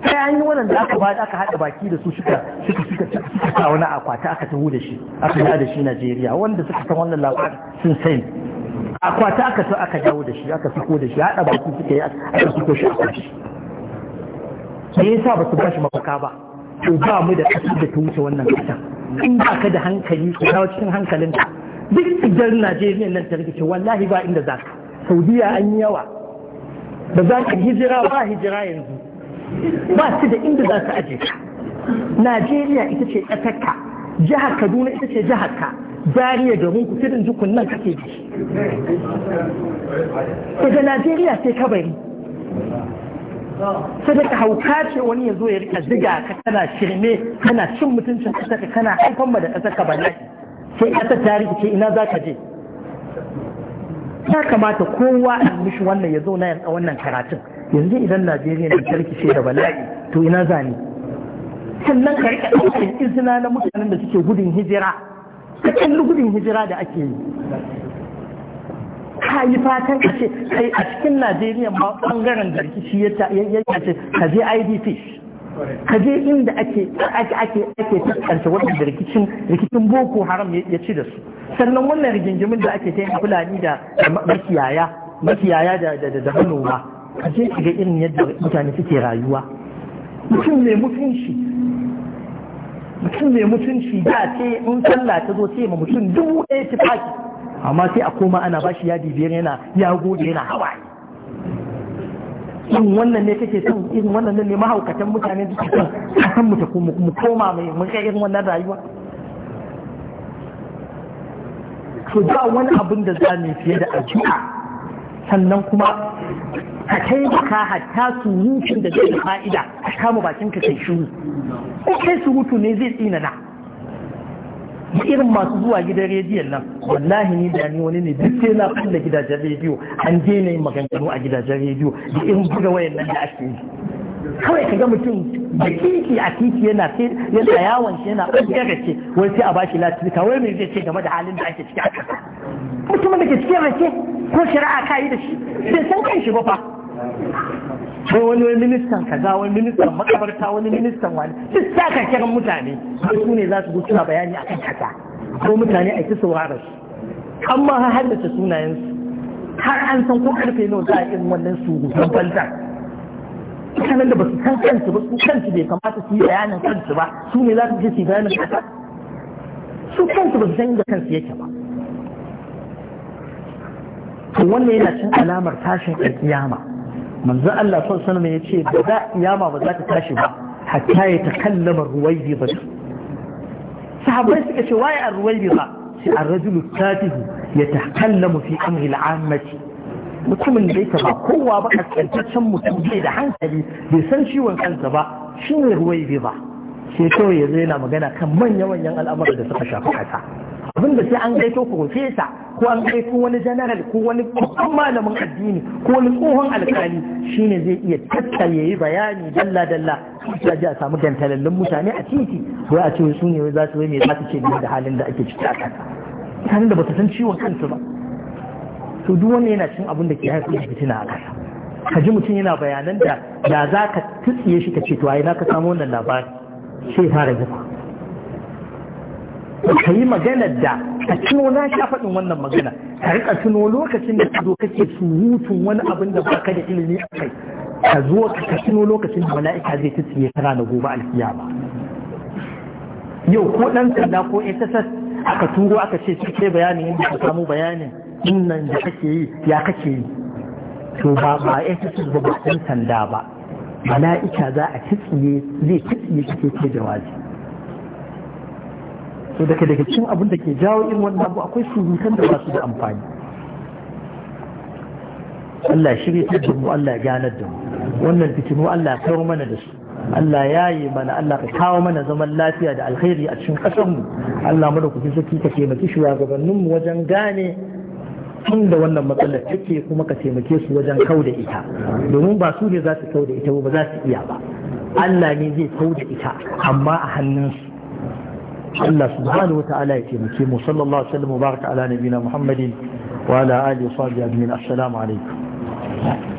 sai an yi wannan da aka ba aka haɗa baki da su suka suka suka suka sa wani akwata aka taho da shi aka da shi Najeriya wanda suka san wannan labarin sun sai akwata aka so aka dawo da shi aka fiko da shi haɗa baki suka yi aka fiko shi aka shi me sa ba su ba shi mafaka ba to ba mu da ƙasar da ta wuce wannan ƙasar in ba ka da hankali ka dawo cikin hankalinka duk idan najeriya nan ta rikice wallahi ba inda za ka saudiya an yi yawa ba za ka hijira ba hijira yanzu ba su da inda za su aje ka najeriya ita ce ka jihar kaduna ita ce jihar ka dariya garin ku tudun jukun nan kake ji daga najeriya sai kabari sadaka hauka ce wani ya zo ya rika ziga ka kana shirme kana cin mutuncin ka kana haifan mu da kasar ka ne sai ka ta ce ina za ka je ya kamata kowa a mishi wannan ya zo na yanka wannan karatun yanzu idan najeriya na ta rikice da bala'i to ina za ni sannan ka rika ɗaukar izina na mutanen da suke gudun hijira ka kalli gudun hijira da ake yi ka yi fatan ka ce kai a cikin najeriya ma bangaren da rikici ya ce ka je idp ka je inda ake ake ake ake rikicin rikicin boko haram ya ci da su sannan wannan rigingimin da ake tayin fulani da makiyaya makiyaya da da manoma ka je ka ga irin yadda mutane suke rayuwa mutum mai mutunci mutum mai mutunci da ce in sallah ta zo ce ma mutum dubu ɗaya faki amma sai a koma ana bashi ya bibiyar yana ya gode yana hawa in wannan ne kake son irin wannan ne mahaukatan mutane da ke son mu ta koma mu koma mai mun kai irin wannan rayuwa to ba wani abin da za mu fiye da addu'a sannan kuma ka taimaka hatta surutun da zai da fa'ida a kama bakin ka kai shuru ko kai surutu ne zai tsina na irin masu zuwa gidan rediyon nan wallahi ni da ni wani ne duk sai na kulle gidajen rediyo an daina yin maganganu a gidajen rediyo da irin buga wayan nan da ake yi kawai ka ga mutum da kiki a titi yana yana yawon shi yana ɓangare ce wai sai a ba shi latifika wai wani zai ce game da halin da ake ciki a ƙasa mutumin da ke cikin rake ko shari'a ka yi da shi bai san kan shi ba fa wani wani ministan kaza wani ministan makabarta wani ministan wani duk sa ka kiran mutane su ne za su zo suna bayani kan kaza ko mutane a kisa warar amma har haddace sunayensu har an san ko karfe nawa za a irin wannan su gudun banzan mutanen da ba su san kansu ba su kansu bai kamata su yi bayanin kansu ba su ne za su je su bayanin kansu su kansu ba su san inda kansu yake ba to wannan yana cin alamar tashin alkiyama manzo Allah son sanar ya ce ba za kiyama ba za ta tashi ba hatta ya takallama ruwaidi ba sahabbai suka ce waye ar ruwaidi ba sai ar-rajulu tafihu ya takallamu fi amri al-ammati mutumin da yake ba kowa ba kaskantaccen mutum bai da hankali bai san ciwon kansa ba shi ne ruwai bai ba ke kawai ya zai yana magana kan manya-manyan al'amuran da suka shafi kasa abin da sai an gaito profesa ko an gaito wani general ko wani babban malamin addini ko wani tsohon alkali ne zai iya tattaye yayi bayani dalla dalla ya ji a samu gantalallin mutane a titi wai a ce su ne za su wai mai za su ce da halin da ake ciki a kasa da bata san ciwon kansu ba to duk wanda yana cin abin da ke haifar da fitina a ƙasa ka ji mutum yana bayanan da ya za ka tutsiye shi ka ce to yi na ka samu wannan labari sai fara zuba ka yi maganar da ka tuno na sha faɗin wannan magana ka rika tuno lokacin da ka zo kake surutun wani abin da baka da ilimi a kai ka zo ka tuno lokacin da mala'ika zai tutsiye ka na gobe alkiyama yau ko ɗan sanda ko sss aka turo aka ce cike bayanin yadda ka samu bayanin in da kake yi ya kake yi to ba ba ya cikin ba ba ɗan sanda ba mala'ika za a citsiye zai citsiye kake ke jawabi to daga daga cikin abin da ke jawo irin wannan abu akwai surutan da ba su da amfani Allah shirya ta mu Allah ya ganar da mu wannan fitinu Allah ya kawo mana da su Allah ya yi mana Allah ka kawo mana zaman lafiya da alkhairi a cikin ƙasarmu Allah mu da kuke saki ka taimaki gabaninmu wajen gane tun da wannan matsalar take kuma ka taimake su wajen kau da ita domin ba su ne za su kau da ita ba za su iya ba Allah ne zai kau da ita amma a hannunsu Allah subhanahu wa ya taimake mu sallallahu alaihi wasallam baraka ala nabiyina Muhammadin wa ala alihi wa sahbihi assalamu alaikum